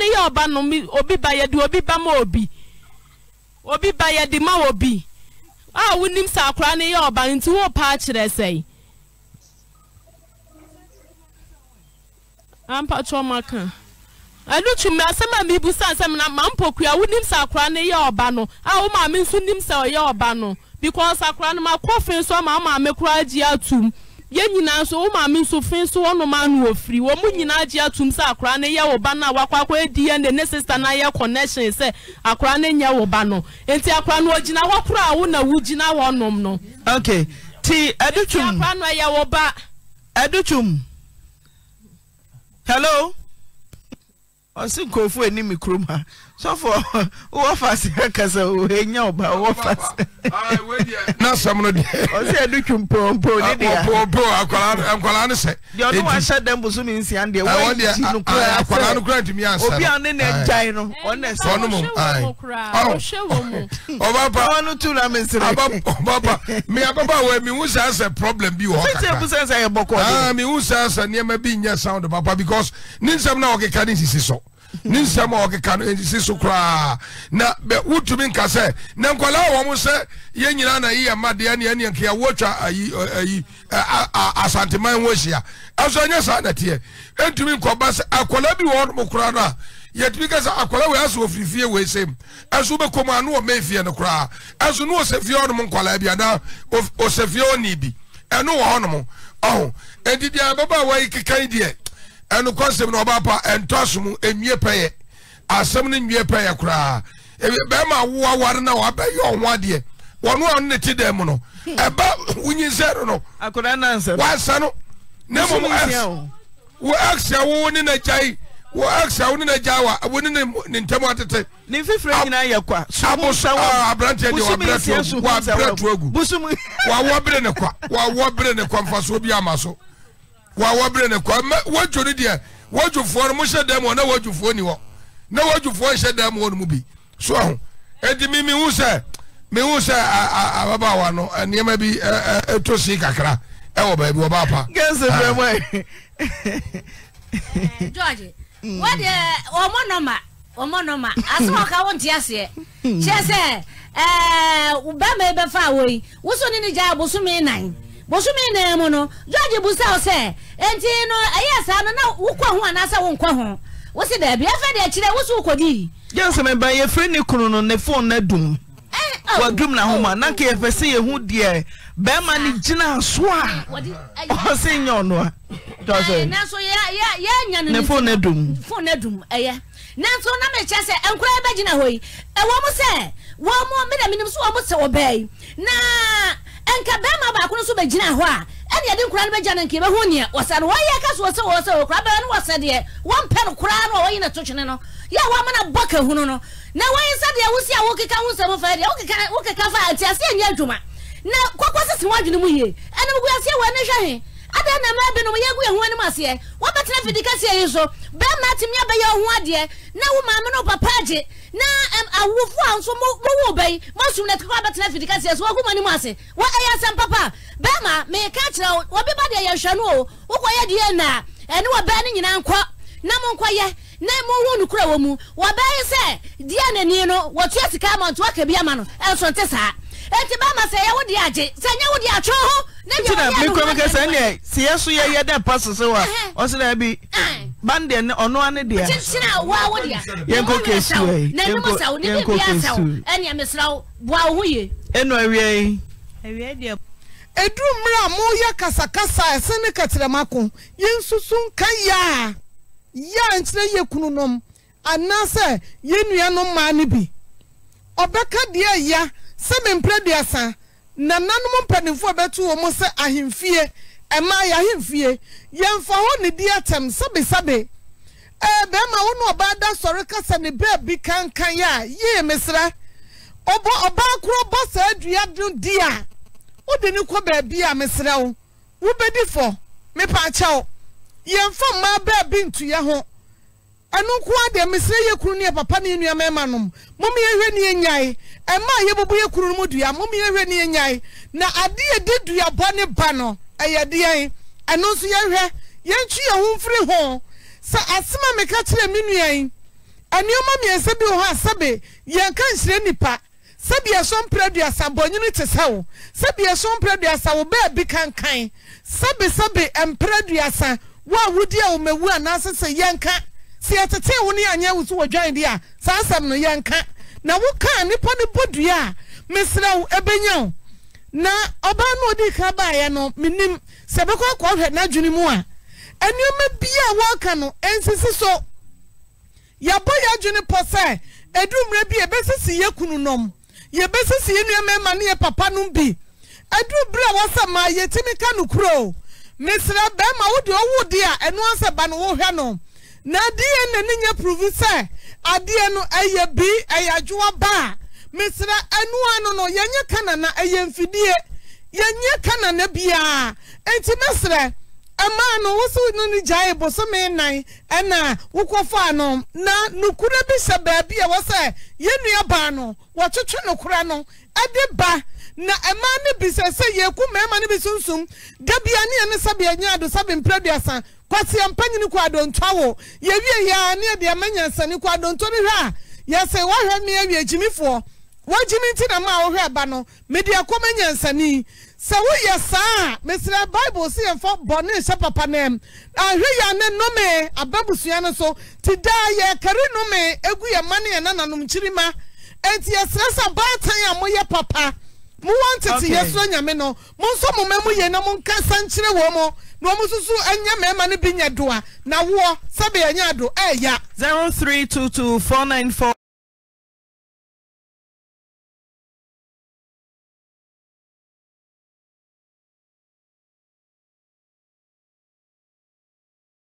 Speaker 1: orɔ obi ba di ma obi a wonim sɛ akora ne yɛ ɔba no nti wopa akyerɛ sɛe ampatwɔ ma ka adutumi asɛm ma mibu sa nsɛm na ma mpokua wonim sa akora na yɛ ɔba no a wo maame nso nim sa ɔyɛ ɔba no because akora no makɔfe nso ama wo maame koraa gye atom yɛn nyinaa nso wɔn maame nso fi nso wɔn nom ano ofiri wɔn nyinaa gye atum sɛ akora ne yɛ wɔ ba no a wakɔ akɔ edi yɛn de ne sista na yɛ connection sɛ akora ne nyɛ wɔ ba no nti akora no ogyina hɔ koro a wo na wo gyina hɔ nom no. ok ti ɛdutum akora no yɛ wɔ ba. ɛdutum hello ɔsi nkurɔfoɔ anim kurom ha.
Speaker 4: sɔfo wɔ fase kasa o enya ɔba wɔ fase. na sɛm no deɛ. ɔsi ɛdu twi mpɔmpɔ ne deɛ. mpɔmpɔ akwaraa nkwaraa ne sɛ. deɛ ɔno wahyɛ dɛm boso mi nsia deɛ wɔn akyi no kura sɛ akwaraa no kura ntumi ansa. obi a ne na gyae no ɔna ɛsɛ. ɔno mu ayi ɔwɔ ɔba pa ɔno tu mi nsiri. pa mi ababa wɔ mi nwusa sɛ problem bi wɔ ɔkaka. sisi ebusa sɛ ɛbɔ kɔɔ de. mi nwusa sɛ nneɛma bi nyɛ sound papa because ne nsɛm na ɔkeka ne sisi sɔ. So ne nsɛm a ɔkeka no ɛnsi so koraa na bɛ wotumi nka sɛ na nkɔla wɔ mo sɛ yɛn nyinaa na yiyɛ mma deɛ neɛ neɛ nkeɛ wɔtwa ayi ayi asanteman ho ahyia ɛso ɛnyɛ saa nɛteɛ ɛntumi nkɔba sɛ akɔla bi wɔ mo koraa no a yɛtumi ka sɛ akɔla wei asɛ ɔfiri fie wei sɛm ɛso wobɛkɔ mu a ne ɔmɛ fie no koraa ɛso ne ɔsɛ fie ɔnom nkɔla bi anaa ɔsɛ fie ɔnii bi ɛno wɔ hɔnom ɔho ɛnti deɛ ababaawa yi keka yi deɛ ɛnu kɔnsɛm na ɔba pa ɛntɔsom enwie pɛyɛ asɛm ne nwie pɛyɛ koraa ebi bɛrima awoa wari na wabɛyɛ ɔho adeɛ wɔn a ɔno ti dɛm no ɛba wunyinsɛ no wansa no
Speaker 3: ne mu mu ɛs
Speaker 4: wo ɛs a wo ne n'agya yi wo ɛs a wo ne n'agya wa wo ne ne ntɛm atete. ne nfifire nyinaa yɛ kwa. abosan wa aberanteɛ de wa abirɛ tuo gu wa abirɛ tuo gu wa wɔ bere ne kwa wa wɔ bere ne kwa nfa so bi ama so wa wɔbere ne kɔ mɛ wɔdwo no deɛ wɔdwofoɔ no mo hyɛ dɛm wɔ na wɔdwofoɔ ni hɔ na wɔdwofoɔ nhyɛ dɛm wɔ no mu bi so aho edi mi mi hu sɛ mi hu sɛ ababaawa no nneɛma bi ɛto si kakra ɛwɔ baabi wɔ baapa. gẹ́sì bẹ́ẹ̀ mọ́ ẹ̀.
Speaker 3: george wọ́n deɛ wɔn nɔma wɔn nɔma asoma ɔka wɔn ti aseɛ kyerɛ sɛ ɛɛ bɛrima yi bɛfa awɔ yi wosɔ ne ne gya abosomi nan bosome nyinaa mu no george busa wo sɛ enti no ɛyɛ saa no na wokɔ ho anaasɛ wonkɔ ho wosi dɛbi afɛ de akyerɛ wosi wokɔdi.
Speaker 1: jẹnsi mi ba yefiri ni kunu no ne fone na dum wadum na homa na ke yɛfɛ sɛ yehu deɛ bɛrima ni gyina so a
Speaker 3: ɔsi nya ɔnoa ne dum fone na dum ɛyɛ nanso na mi kyerɛ sɛ nkura yɛ bɛ gyina hɔ yi ɛwɔ mu sɛ wɔn mu na so wɔn sɛ ɔbɛɛ yi nka bɛrima baako no so bɛgyina hɔ a ɛne yɛde nkura no bɛgya no nka yɛbɛhu neɛ wɔsɛ no wɔyɛ ka so wɔ wɔkura bɛrɛ no wɔsɛ deɛ wɔmpɛ no koraa no a wɔyi no to no yɛ a wɔama bɔ kahunu no na wɔyi nsa deɛ wosi a wokeka ho nsɛm fa deɛ wokeka fa atiaseɛ nyɛ adwuma na kɔkɔ sese ho adwene mu yie ɛne muguaseɛ wɔ ne hwɛ hwe Ada na mmerɛ binom yɛgu yɛn ho anim aseɛ wɔbɛtena fidi kɛseɛ yi so bɛrima atumi abɛyɛ ɔho adeɛ na wo maame no papa agye na awofo a nso mowɔ bɛyi moasum no ɛtikɔ abɛtena fidi kɛseɛ so wɔgu mu anim ase ɛyɛ asɛm papa bɛrima meka kyerɛ wo wɔbi ba deɛ yɛhwɛ no o wokɔyɛ deɛ na ɛne wɔbɛɛ no nyinaa nkɔ na monkɔyɛ na mowɔ nokora wɔ mu wɔbɛyɛ sɛ deɛ n'ani no wɔtua sika ama nto aka bi ama no ɛnso nte saa eti bɛma sɛ yɛ wodi agye sɛ nyɛ wodi atwe ho ne nyɛ wodi aduhu ɔdi ɛfɛ sɛ
Speaker 1: ɛnɛ si yɛ so yɛ yɛ dɛ pa soso wa ɔsi dɛ bi bandeɛ ne ono ane deɛ kyekyere a wa
Speaker 3: wodi a yɛn ko kesi wɛ yɛn ko yɛn ko kesi ɛnɛ mesiraw bua ohu ye. ɛnu
Speaker 1: awia yi. awia deɛ. eduru mmerɛ a moyɛ kasakasa ɛsɛ ne katirama ko yɛn soso nka yaa yaa nkyerɛ yɛ kunu nom anaasɛ yɛn nua no mmaa bi obeka deɛ ya. sɛ mempere duasa na nanom mpanimfoɔ bɛto wɔ mu sɛ ahemfie ɛmaa yɛ ahemfie yɛmfa hɔ ne di atɛm sɛbesabe ɛɛ bɛrima wo ne ɔbaa da sɔre kasa ne beebi kankan a yie mesra ɔbɔ ɔbaa koro bɔ saa dua no di a wode ne kɔ baabi a mesra wo wobɛdi fɔ mepaakyɛw yɛmfa mmaa beebi ntuya ho. ɛno nko a deɛ mesrɛ yɛ kunu no yɛ papa ne nnua mɛma nom mom yɛhwɛ ne yɛnyae ɛma a yɛbobɔ yɛ kunu no mu dua mom yɛhwɛ ne yɛnyae na ade yɛde duabɔ ne ba no ɛyɛ deɛn ɛno nso yɛhwɛ yɛntwi yɛ ho mfiri ho sɛ asɛm a meka kyerɛ me nua yi nneɛma mmiɛnsa bi wɔ hɔ a sɛbe yɛnka nhyerɛ nnipa sɛbi ɛsɔn mpere duasa bɔnyini te sɛ wo sɛbi ɛsɔn mpere duasa wo bɛɛ bi kankan sɛbi sɛbi mpere duasa wo a wodi a wɔn ewu anaasɛ yɛnka tie tete wo ne anyɛ wo so wɔ deɛ a saa asɛm no yɛnka na wokaa nnipa no bɔdua a mesrɛ wo ɛbɛnya wo na ɔbaa no ɔde ka baeɛ no menim sɛ bɛkɔ akɔhwɛ n'adwene mu a nneɛma bi a wɔreka no nsisi so yɛbɔ yɛ adwene pɔ sɛ edumire bi yɛbɛsisi yɛ kunu nom yɛbɛsisi yɛ nneɛma ma ne yɛ papa nom bi edumire a wɔsɛ maa yɛtumi ka no kuro mesrɛ bɛrima wo deɛ ɔwo deɛ a ɛno asɛ ba no wohwɛ no. na adeɛ na ne nyɛ provu sɛ adeɛ no ɛyɛ bi ɛyɛ adwoa ba a mesra ɛnoa no no yɛnyɛ kanana ɛyɛ mfidie yɛnyɛ kanana biara nti mesrɛ ɛmaa no wosi no ne gyae bosome nan ɛna wokɔfa no na nokura bi hyɛ baabi a wɔsɛ yɛnnua baa no wɔtwetwe nokora no ɛde ba na ɛmaa no bi sɛ sɛ yɛku mmarima no bi sunsum dabia ne yɛne sɛbeɛ nyɛ ado sɛbe mprɛduasa kwasi mpanyini kɔ adontoa wo yɛwie yɛa ne yɛde ɛma nyansani kɔ adontoa no hwɛ a yɛsɛ woahwɛ me awie gyimifoɔ wɔgyimi nti na ma e a wohwɛ ba no mede ɛkɔma nyansani sɛ woyɛ saa a mesrɛ bible sɛ yɛmfa bɔne nhyɛ papa no m ahwɛ yɛ ane nome aba busua no so nti daa yɛkari nome ɛgu yɛ ma ne yɛ nananom kyirima enti yɛsrɛ sɛ baatan a moyɛ papa mowɔ ntete yɛsoro nyame no mo nso mo ma mu yei na monkasa nkyerɛ wɔ mu na wɔn nso so nyɛ mmarima no bi
Speaker 3: nyɛ do na woɔ sɛbi yɛn nyɛ ɛɛya. zero three two two four nine four.